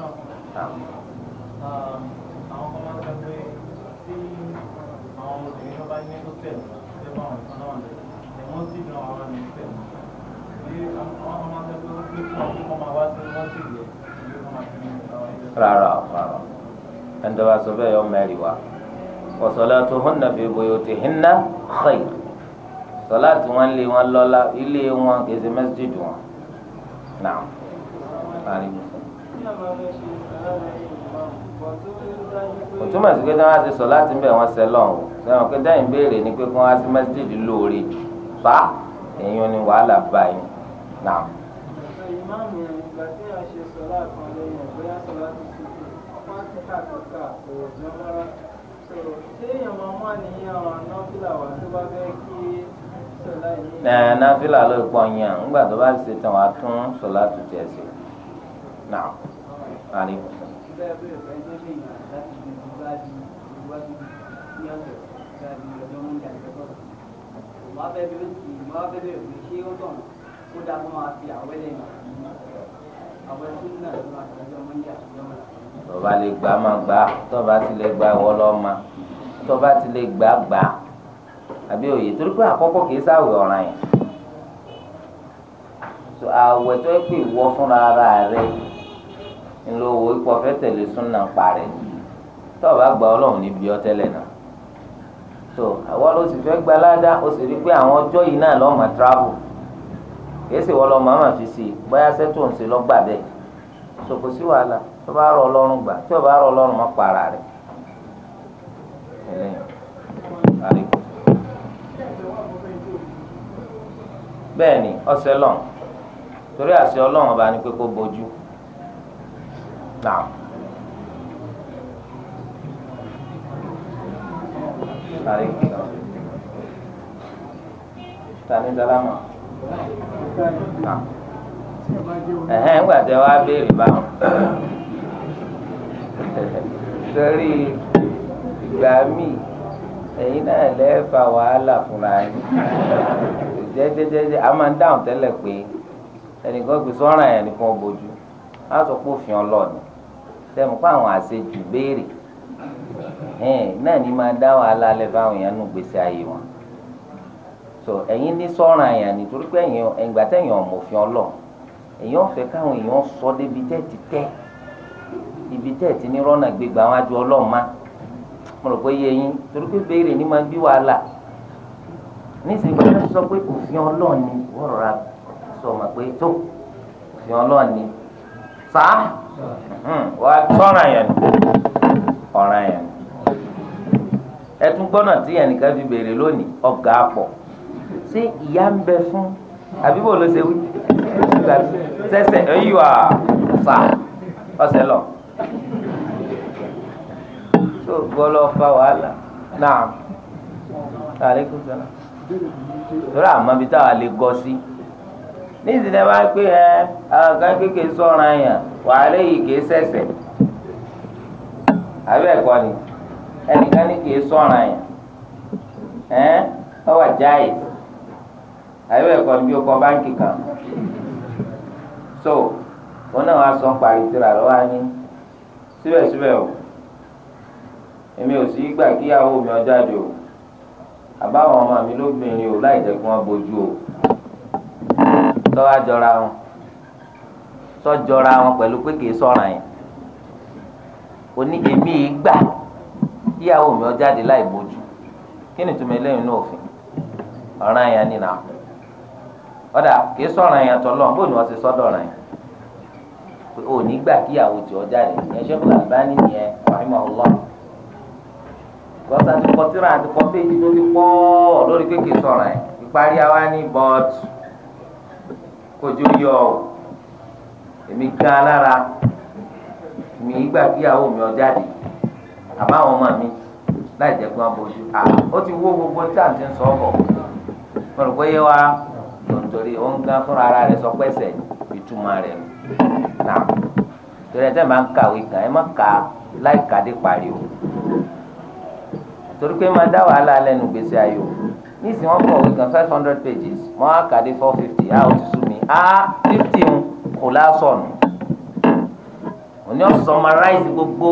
ọmọ máa ń sọ pé tí àwọn obìnrin bá ní lọ́sẹ̀ ṣe bá àwọn ìfọ́nà wọn lẹ̀ wọ́n sì ní àwọn ọmọ ní àwọn rárá rárá ẹni tó bá sọ bẹ́ẹ̀ yọ mẹ́rin wa wa salatuhunna fi buyutihinna khayr sọláàtì wọn lé wọn lọ́lá ilé wọn kèsè mẹsídìdì wọn náà àríwú. kò túmọ̀ sí pé tí wọ́n sọ láti bẹ̀ wọ́n sẹ́lọ̀ o sẹ́wọ̀n pé dáhìn béèrè ni pé kí wọ́n á sí mẹsídìdì lóore jù bá èèyàn ni wàhálà bá yín náà. a ṣe sọlá kan lẹ́yìn ẹ̀gbẹ́ sọlá ti ṣe wọ́n ti ṣé èèyàn máa mú àníyàn àwọn náà fìlà tó bá fẹ́ kí nàfìlà ló pọ̀ yàn ńgbà tó bá ṣe tán wàá tún sọlá tó tiẹ̀ ṣe náà àní. wàá bẹ bí wàá bẹ bí òfin ṣé ó tọ̀nà tọ́ba lè gbà máa gbà tọ́ba ti lè gbà wọ́ lọ́ọ́ ma tọ́ba ti lè gbà gbà àbí òye torí pé àkọ́kọ́ kìí sáwẹ̀ ọ̀ràn yẹn so àwẹ̀ tó yẹ pé ìwọ fúnra ara rẹ ńlọ owó ipò ọ̀fẹ́ tẹ̀lé súnà ń parẹ́ tó o bá gba ọlọ́run níbi ọ tẹ́lẹ̀ náà so àwọn ló sì fẹ́ gba ládá o sì rí pé àwọn ọjọ́ yìí náà lọ́ọ́ máa travel kìí sì wọ́n lọ màmá fi sí i bóyá sẹ́tò ń ṣe lọ́gbà bẹ́ẹ̀ so kò sí wàhálà tó bá rọ ọlọ́run gbà tó bá rọ ọlọ́run má para rẹ̀ ẹlẹ́yìn. bẹ́ẹ̀ ni ọsẹ lọ́n torí àṣẹ ọlọ́run ọba ni pé kó bójú náà. tani dalama ẹhẹn ńgbà béèrè báwọn torí ìgbà wàhálà fúnra yín. jẹ́jẹ́jẹ́jẹ́ a máa ń dáhùn tẹ́lẹ̀ pé ẹnìkan gbé sọ́ràn ẹ̀ nìkan bójú á sọ pé òfin ọlọ́ọ̀ni tẹ̀mú pé àwọn àṣejù béèrè náà ni máa dá wàhálà alẹ́ fáwọn èèyàn nù gbèsè ayé wọn so ní nítorí pé òfin káwọn èèyàn sọ débi ibi ní gbégbá wọn má mo rò pé yẹ yín torí pé béèrè ni máa ń wàhálà nísìnyí kí wọ́n sọ pé òfin ọlọ́ọ̀ ni wọ́n rọra sọ ma pé tó òfin ọlọ́ọ̀ ni sá wàá tọ́ra yẹn ọ̀ràn yẹn ẹtún gbọ́nà tí ẹnìkan fi béèrè lónìí ọ̀gá àpọ̀ ṣé ìyá ń bẹ fún àbí bò ló ṣe wí sẹsẹ ẹyọ à fà ọsẹ lọ tó gbọ́ lọ fa wàhálà náà. Alaikum salaam. tora àmọ́ bí táwa lè gọ́ sí ní ìsìn ẹ bá pé ẹ àwọn kan kékeré sọ̀rọ̀ àyàn wàhálà yìí kìí sẹ̀sẹ̀ àbẹ́ ẹ̀kọ́ ni ẹnìkan ní kìí sọ̀rọ̀ àyàn ẹ ọ wà jáì ẹ̀kọ́ ni bí o báńkì so wọn náà wá sọ parí tìrà lọ́wọ́ síbẹ̀síbẹ̀ o èmi ò sí gbà kíyàwó mi o. àbáwọn ọmọ mi lóbìnrin o láì jẹ́ kí wọ́n bójú o tọ́wá jọra wọn sọ́jọra wọn pẹ̀lú pé kì í sọ̀ràn yẹn òní èmi yìí gbà ìyàwó mi ó jáde láì bójú kí ni túmọ̀ eléyìí náà òfin ọ̀ràn yẹn nìyà ọ̀dà kì í yẹn tọ́lọ́ bó ni wọ́n ti sọ́dọ̀ ọ̀ràn yẹn òní gbà kíyàwó tí ó jáde ìyẹn ṣẹ́kù làbá nìyẹn rahimahullah. gbọ́dọ̀ àti kọtíra àti kọtíjì lórí lórí kéèké sọ̀rọ̀ ẹ̀ ìparí àwa ní bọ́t kojú yọ èmi mi ìgbà kíyàwó mi ọjáde àbáwọn ọmọ mi láì jẹ́ pé wọ́n bójú à ti wó gbogbo tí à ń ti ń sọ ọ̀bọ̀ pé ara rẹ̀ sọ ìtumọ̀ rẹ̀ nà máa ń kàwé ẹ má kà torí pé máa dá wàhálà lẹ́nu gbèsè ayò níìsín wọ́n kọ̀wé kan five hundred pages mọ́ àkàdé four fifty a ò ti sú a fifty ń kò lásọ̀nù òní ọ̀ sọmaráìsì gbogbo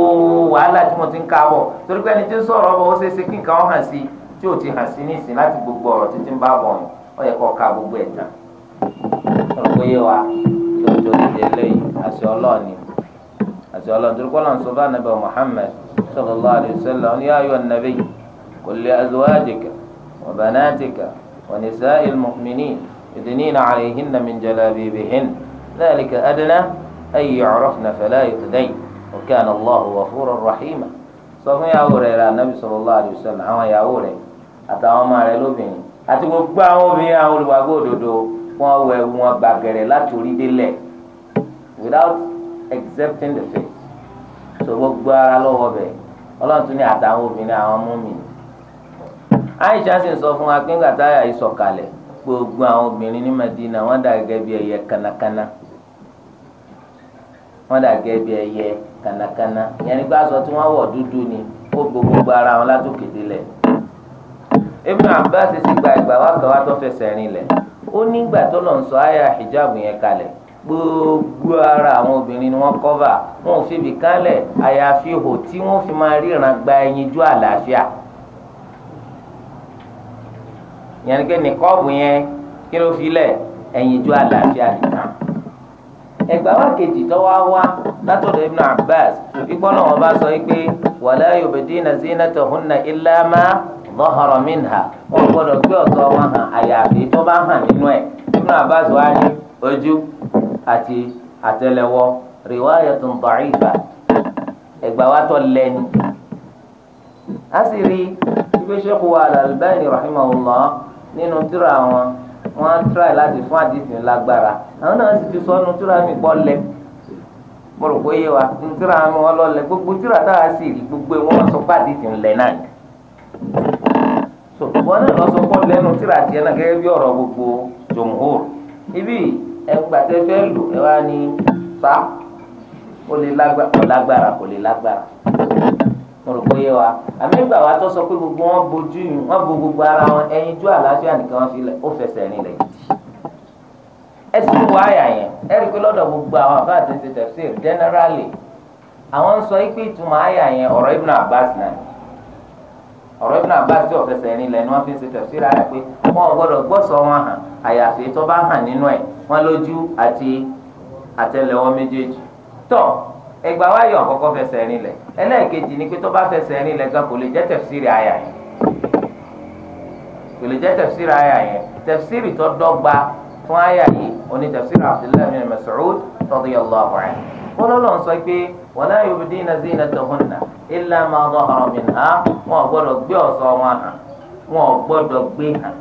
wàhálà tí mo ti ń kábọ̀ torí pé ẹni tí ń sọ̀rọ̀ ọ̀bọ̀ ó ṣe é ṣe kí nǹkan ti hàn sí níìsín láti gbogbo ọ̀rọ̀ títí ń bá bọ̀ ka gbogbo ẹ̀ ọ̀rọ̀ yẹ wa tó ń صلى الله عليه وسلم يا أيها النبي قل لأزواجك وبناتك ونساء المؤمنين يدنين عليهن من جلابيبهن ذلك أدنى أن يعرفن فلا يؤذين وكان الله غفورا رحيما sọfún yàwó rẹ ra anabi sallallahu alaihi wasallam àwọn yàwó rẹ àtàwọn ọmọ rẹ lóbìnrin àti gbogbo àwọn obìnrin àwọn olùwàgbọ òdodo wọn wẹ wọn gbàgẹrẹ láti orí délẹ̀ without accepting the faith so gbogbo ara lọ́wọ́ bẹ́ẹ̀ ọlọ́run tún ní àtàwọn obìnrin àwọn mùmínì. Aisha sì ń sọ fún wa pé nígbà táyà yìí sọ̀kalẹ̀ gbogbo àwọn obìnrin ní Madina wọ́n dà gẹ́gẹ́ bí ẹyẹ kanakana wọ́n dà gẹ́gẹ́ bí ẹyẹ kanakana ìyẹn nígbà sọ tí wọ́n wọ̀ dúdú ni ó gbogbo ara wọn látòkè délẹ̀ Ibn Abbas sì gba ìgbà wákàtí wá fẹsẹ̀ rinlẹ̀ ó nígbà tó lọ́n sọ àyà hijab yẹn kalẹ̀ gbogbo ara àwọn obìnrin ni wọ́n kọ́fà wọn ò fi bì àyàfi hò fi máa ríran gba ẹyinjú àlàáfíà yẹn ni pé yẹn kí ló fi lẹ̀ ẹyinjú àlàáfíà nìkan ẹgbàá wa kejì tó wá wá látọ̀dọ̀ Ibn Abbas náà bá sọ pé wala yubdina na illa ma zahara minha wọ́n gbọ́dọ̀ gbé ọ̀tọ̀ wọn hàn àyàfi tó bá hàn nínú ẹ̀ Ibn Abbas wá ní àti àtẹ́lẹwọ́ riwayatun da'ifa ẹgbà wa tọ́ lẹ́nu. a sì rí ibi sẹ́kù wa al-Albani rahimahullah nínú tírà wọn wọn á tíráì láti fún àdìsí lágbára àwọn náà sì ti sọnù tírà mi pọ́ lẹ́ mo rò pé yé wa ntúra mi wọn lọ lẹ gbogbo tírà tá a sì rí gbogbo wọn sọ pé àdìsí ńlẹ náà wọn náà lọ sọ pé lẹnu tírà tiẹ̀ náà gẹ́gẹ́ bí ọ̀rọ̀ gbogbo jòmùhóòrò ibi ẹgbà tẹ fẹ́ lò ẹ wá ní fa ó lè lágbára kò lè lágbára mo rò pé yé wa àmì ìgbà wa tó sọ pé gbogbo wọn bojú yìí wọn bo gbogbo ara wọn ẹyin ju àlàáfíà nìkan wọn fi lẹ ó fẹsẹ̀ rìn lẹ̀ yìí ẹ sì wọ àyà yẹn ẹ rí i pé lọ́dọ̀ gbogbo àwọn àbá àti ṣe tẹ̀síìrì generally àwọn ń sọ pé ìtumọ̀ àyà yẹn ọ̀rọ̀ Ibn Abbas náà ọ̀rọ̀ ibùdó àbáṣe tí ọ̀fẹ́sẹ̀ rìn lẹ́nu wọn fi ń ṣe tẹ̀síra rẹ̀ pé wọn ò gbọ́dọ̀ gbọ́sọ̀ wọn hàn àyàfi tó bá hàn nínú ẹ̀ wọn lójú àti àtẹlẹwọ́ méjèèjì tọ́ ẹgbà wa yọ ọ̀kọ́kọ́ fẹsẹ̀ rìn lẹ̀ ẹlẹ́ẹ̀kejì ni pé tó bá fẹsẹ̀ rìn lẹ̀ gan kò lè jẹ́ tẹ̀síra àyà yẹn kò lè jẹ́ tẹ̀síra àyà yẹn tẹ̀síri tó dọ́gba fún àyà yìí oní tẹ̀síra Abdullahi bin Mas'ud radiyallahu anhu wọn lọ́lọ́ sọ pé wala yubdina zinatahunna illa ma zahara minha wọn ò gbọ́dọ̀ gbé ọ̀ṣọ́ wọn hàn wọn ò gbọ́dọ̀ gbé hàn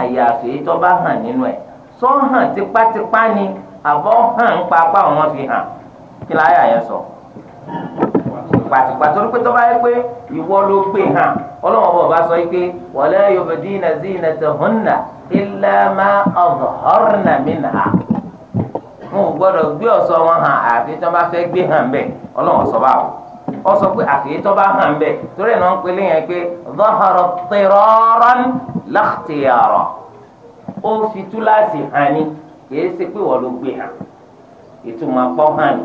àyàfi tó bá hàn nínú ẹ̀ sọ hàn tipátipá ni àbọ̀ hàn ń pa apá wọn fi hàn kí sọ pàtìpàtì orí pé yẹ pé ìwọ ló gbé hàn ọlọ́wọ́n bọ̀ bá sọ pé ma wọn ò gbọ́dọ̀ gbé ọ̀ṣọ́ wọn hàn àfi tí wọ́n bá fẹ́ gbé hàn bẹ́ẹ̀ ọlọ́run sọ báwo ó sọ pé àfi tí wọ́n bá hàn bẹ́ẹ̀ torí ẹ̀ náà ń pelé yẹn pé zahara tiraran lakhtiyara ó fi túláàsì hàn ní kìí ṣe pé wọ́n ló gbé hàn ìtumọ̀ pọ́ hàn ní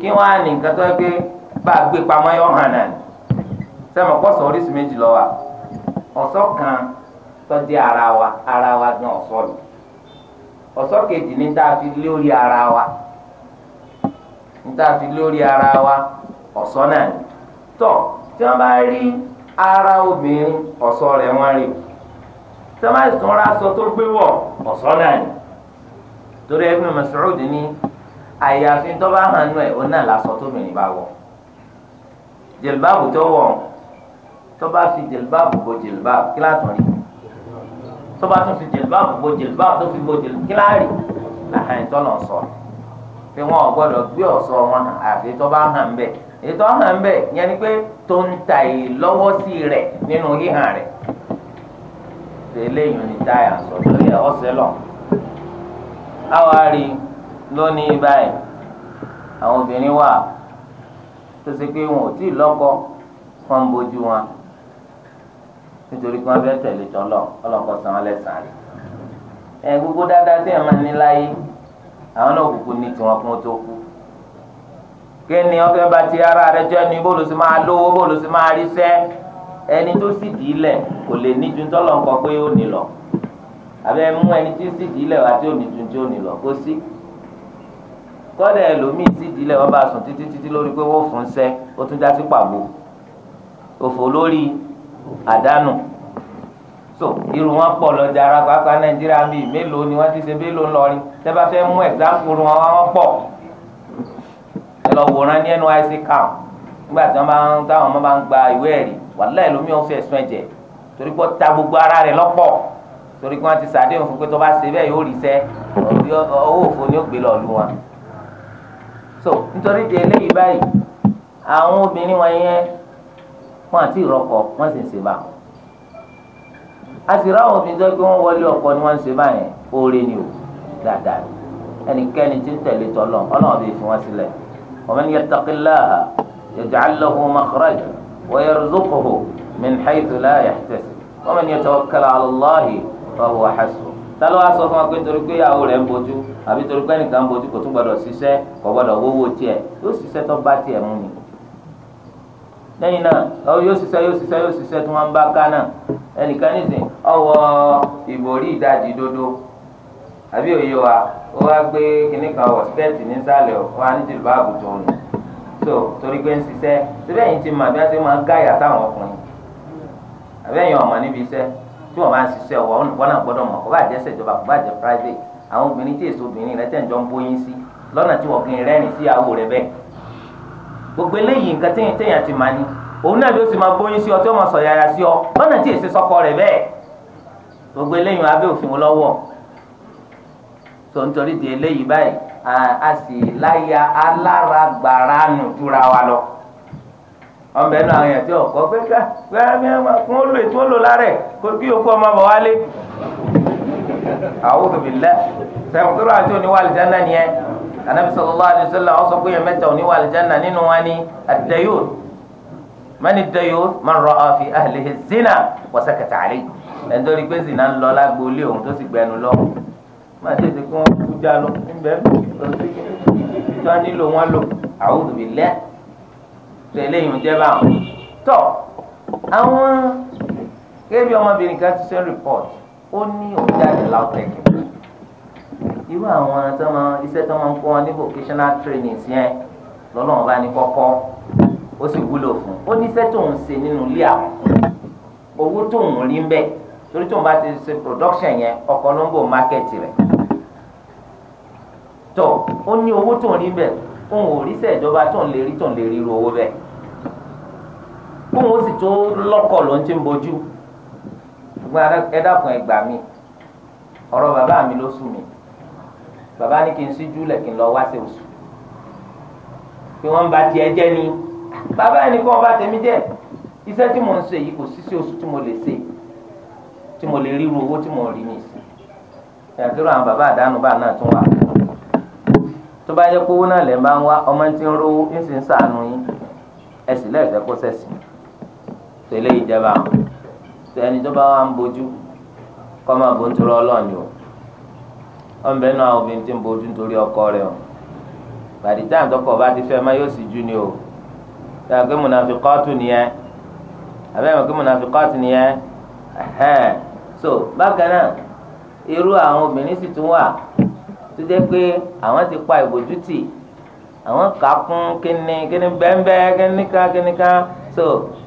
kí wọ́n á ní nǹkan tó ń pé bá a gbé pamọ́ yọ hàn náà sẹ́mi ọ̀pọ̀sọ̀ oríṣi méjì lọ wa ọ̀ṣọ́ kan tó di ara wa ara wa gan ọ̀ṣọ́ ni ọ̀sọ́ kejì ní tá a fi lórí ara wa ní tá a fi lórí ara wa ọ̀sọ́ náà ni tọ́ tí wọ́n bá rí ara obìnrin ọ̀sọ́ rẹ̀ wọ́n rí tí wọ́n bá sùn ra aṣọ tó gbé wọ̀ ọ̀sọ́ náà ni torí Ibn Mas'ud ní àyàfi tó bá hàn nù ẹ̀ ó náà lásọ tóbìnrin bá wọ̀ jìlbáàbù tó wọ̀ tó bá fi jìlbáàbù bo jìlbáàbù kí látọ̀ rí i tó bá tún fi jìlbáàbù bo jìlbáàbù tó fi bo jìlbáàbù kíláàrì làhàn ìtọ́nà sọ pé wọn ò gbọdọ̀ gbé ọ̀ṣọ́ wọn àfi tó bá hàn bẹ́ẹ̀ ètò hàn bẹ́ẹ̀ yẹn ni pé tó ń ta ìlọ́wọ́sí rẹ̀ nínú híhàn rẹ̀ eléyìí ni táyà sọ lórí ọ̀sẹ̀ lọ. àwa rí lónìí báyìí àwọn obìnrin wà tó ṣe pé wọn ò tí ì lọ́kọ wọn bójú wọn nítorí pé wọ́n fẹ́ tẹ̀lé tọ́lọ̀ ọlọ́kọ̀ san án lẹ́sàn-án rẹ̀. ẹ gbogbo dáadáa tí ẹ máa ní láyé àwọn náà kúkú ní tiwọn kún tó kú. kí ni wọ́n fẹ́ bá ti ara rẹ̀ jẹ́ ni bóòlù sí máa lówó bóòlù sí máa rí sẹ́ ẹni tó sì dì í lẹ̀ kò lè ní ju tọ́lọ̀ ń kọ pé ó nì lọ. àbẹ mú ẹni tí sì dì í lẹ̀ wá tí ò ní ju tí ó nì lọ kó sí. kọ́dà ẹlòmíì sì dì í lẹ̀ wọ́n bá sùn títí títí lórí pé wọ́n fún sẹ́ ó tún já sí pàbó òfò lórí àdánù so irun wọn pọ̀ lọ́jà ara pàápàá nàìjíríà bíi mélòó ni wọ́n ti ṣe mélòó ńlọrin tẹ́ bá fẹ́ mú ẹ̀gbáǹkuru wọn wọ́n pọ̀ ẹ lọ wòran ní NYSC camp nígbà tí wọ́n bá ń táwọn ọmọ bá ń gba ìwé ẹ̀rí wàláì lómi ò fẹ́ sún ẹ̀jẹ̀ torí pé ó ta gbogbo ara rẹ̀ lọ́pọ̀ torí pé wọ́n ti sàdéhùn fún pé tó bá ṣe bẹ́ẹ̀ yóò rí sẹ́ owó òfò ni ó gbé lọ lù wọn. so nítorí ti eléyìí báyìí àwọn obìnrin wọn yẹn wọn àti ìrọkọ wọn sì ń ṣe báwọn a sì ráwọn obìnrin tó pé wọn wọlé ọkọ ni wọn ń ṣe báyẹn oore ni o dáadáa ẹnikẹ́ni tí ń tẹ̀lé tọ́lọ̀ ọlọ́run bíi fi wọn sílẹ̀ waman yattaqillaha yaj'al lahu makhraja wa yarzuqhu min haythu la yahtasib fún wa pé torí pé ìyàwó rẹ̀ ń bojú àbí torí pé ẹnìkan ń bojú kò tún gbọdọ̀ ṣiṣẹ́ kò gbọdọ̀ wówó tiẹ̀ yóò ṣiṣẹ́ tó bá tiẹ̀ mú ni lẹ́yìn náà ọ yóò ṣiṣẹ́ yóò ṣiṣẹ́ yóò ṣiṣẹ́ tí wọ́n ń bá ká ẹnìkan dodo àbí òye wa ó wá gbé kinní kan wọ̀ skẹ́ẹ̀tì nísàlẹ̀ ó wá ní àbùtò so torí pé ń ṣiṣẹ́ síbẹ̀ yìí ti mà bí wọ́n ti máa ń gáyà sáwọn ọkùnrin àbẹ́yìn ọmọ níbi iṣẹ́ tí wọ́n máa ń ṣiṣẹ́ wọ́n náà gbọ́dọ̀ mọ̀ kó bá jẹ́ ṣèjọba kó bá jẹ́ private àwọn obìnrin tí èso obìnrin rẹ tẹ̀ ń jọ ń bóyin sí lọ́nà tí wọ́n òun náà ló sì máa gbóyún sí ọ tí ó máa sọ yàyà sí ọ lọ́nà tí èsì sọkọ rẹ̀ bẹ́ẹ̀ gbogbo eléyìí abẹ́ òfin lọ́wọ́ tó ń torí di eléyìí báyìí a sì láya alára gbàrà nù jura wa lọ ọbẹ̀ náà àwọn èèyàn tí ọkọ̀ pé ká pé kí wọ́n lò ètò wọn lò lárẹ̀ kí yòókù ọmọ bọ̀ wálé àwọn òbí lẹ sẹ́wọ̀n tó rà tí ò ní wà lìjẹ́ náà nìyẹn anabi sallallahu alaihi wasallam ọ̀sọ́ pé yẹn mẹ́ta ò náà nínú wa ni àtẹ̀yọ́ mani dayo man ra'a fi ahlihi zina wa sakata alayhi ẹnitori pé zina ń lọ lágbo ilé òun tó sì gbẹnu lọ má tètè kí wọn kú já lọ níbẹ̀ tó nílò wọn lò a'udhu billah tó eléyìí ń jẹ́ báwọn. tọ́ àwọn kébí ọmọbìnrin kan ti ṣe report ó ní òun jáde láwùtẹ́kì irú àwọn iṣẹ́ tó máa ń kó ní vocational training yẹn lọ́nà ọba ní kọ́kọ́ ó sì wúlò fún un ó níṣẹ́ tó ń ṣe nínú ilé àwọn owó tó ń rí torí tó bá ti ṣe production yẹn ọkọ̀ ló ń bò market rẹ̀ tó ó ní owó tó ń rí bẹ́ẹ̀ òun ò ríṣẹ́ ìjọba tó ń lè rí tó ń lè rí irú owó bẹ́ẹ̀ òun ó sì tó lọ́kọ̀ ló ń ti ń bojú ṣùgbọ́n ẹ dákun ẹ gbà mí ọ̀rọ̀ bàbá mi ló sùn mí bàbá ní kí n síjú lẹ̀ kí n lọ wá sí oṣù pé wọ́n ń ba tiẹ̀ jẹ́ ni bàbá ẹni kọ́ ọba tèmi jẹ́ iṣẹ́ tí mo ń ṣe yìí kò sí sí oṣù tí mo lè ṣe tí mo lè ríru owó tí mo rí ní ìsìn ìyàtúrò àwọn bàbá àdánù bá náà tún wà tó bá yẹ kówó náà lè bá ń wá ọmọ tí ń rówó ń sì ń sàánú yín ẹsìn lẹ́ẹ̀fẹ́ kó sẹ̀sìn tẹ̀lé ìjẹba tó ẹni tó bá wà ń bojú kọ́ máa bo nítorí ọlọ́ọ̀ni o ọ̀nbẹ náà obìnrin ti ń bojú nítorí ọkọ rẹ̀ o bàdìjà àtọkọ̀ bá ti fẹ́ máa yóò sì jú ni o. sàgbé munafikọ́tù nìyẹn àbẹ́ mọ̀ so bákan náà irú àwọn obìnrin sì tún wà tó pé àwọn ti pa ìbòjú tì àwọn kà kún kíni kíni so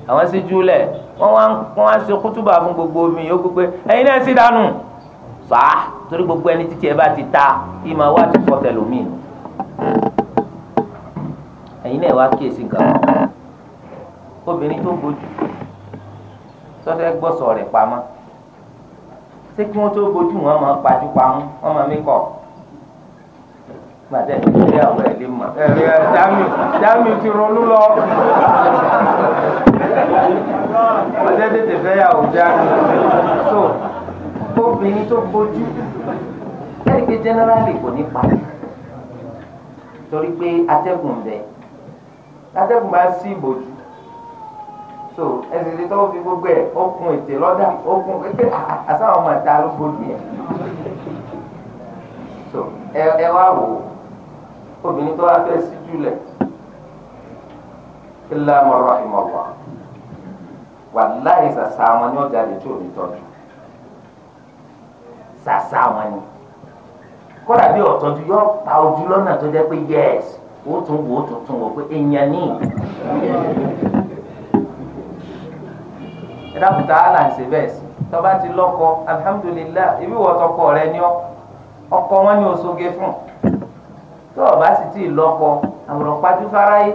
àwọn sì júlẹ̀ wọ́n wá wọ́n wá ṣe kútùbà fún gbogbo omi yòókù pé ẹ̀yin náà sì dànù fà torí gbogbo ẹni títí ti ta ìmọ̀ wa ti fọ́ ẹ̀yin náà wá kíyèsí gan obìnrin tó bójú sọfẹ́ gbọ́sọ̀ rẹ̀ pamọ́ ṣé kí wọ́n tó bójú wọn máa pajú pamọ́ wọ́n máa mí kọ̀ gbàtẹ́ ìdílé àwọn ẹ̀lẹ́ mọ̀ ẹ̀rẹ́ dami dami ti ronú lọ ọjọ́ tètè fẹ́ yà ó dami so obìnrin tó bójú ẹ̀rí pé generally kò ní pa torí pé atẹ́gùn bẹ́ẹ̀. atẹ́gùn a sí ìbòjú so ẹsẹ̀ tí tọ́wọ́ fi gbogbo ẹ̀ ó kun ètè lọ́dà ó kun pé ah, ah, àsáwọn ọmọ ẹ̀ta ló so ẹ wá wò ó obìnrin tó wá fẹ́ sí jùlẹ̀ ilé amọ̀rọ̀ ìmọ̀wá wà láì sàṣà wọn ní ọjà lè tí ò tọ́jú sàṣà wọn ni bí ọ̀tọ́jú yọ pa ojú lọ́nà tó jẹ́ pé Otu tún wò tún tún wò pé èèyàn ní àlà ti lọ́kọ alihamudulilayi ibi wọ́n tọkọ rẹ ọ ọkọ wọn ni oṣoge fún tó ọba sì ti lọ́kọ àwòrán pajú fáráyé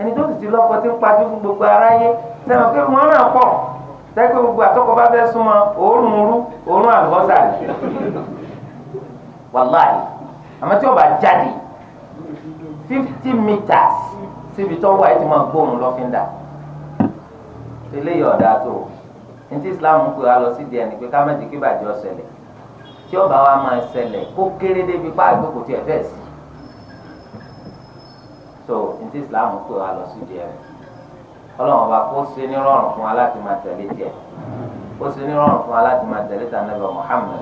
ẹni ti lọ́kọ ti ń pajú fún gbogbo aráyé sẹ́wọ̀n pé wọ́n náà pọ̀ gbogbo àtọ́kọ bá fẹ́ súnmọ́ òórùn rú òórùn wàláì àmọ́ tí ọba jáde. fifty meters síbi tó wà ẹ ti máa gbóòórùn lọ́fíńdà eléyìí ọ̀dà tó ní ti Islam pè wá lọ sí díẹ̀ ni pé ká má jẹ́ kí bàjẹ́ ọ̀sẹ̀lẹ̀ tí ọba wa máa ṣẹlẹ̀ kó kéré débi pa àgbẹ̀kọ̀ tí ẹ fẹ́ sí so ní ti Islam pè wá lọ sí díẹ̀ ọlọ́run ọba kó ṣe ní rọrùn fún wa láti máa tẹ̀lé tiẹ̀ kó ṣe ní rọrùn fún wa láti máa tẹ̀lé tàn nàbẹ̀ Muhammad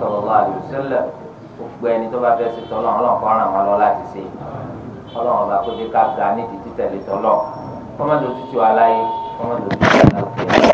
sallallahu alaihi wasallam gbogbo ẹni tó bá fẹ́ ṣe tọ́lọ́ ọlọ́run kọ́ ràn wá lọ láti ṣe ọlọ́run bá kó dé ká ga ní ti títẹ̀lé tọ́lọ́ kọ́mọ́dé òtútù aláyé kọ́mọ́dé òtútù aláyé.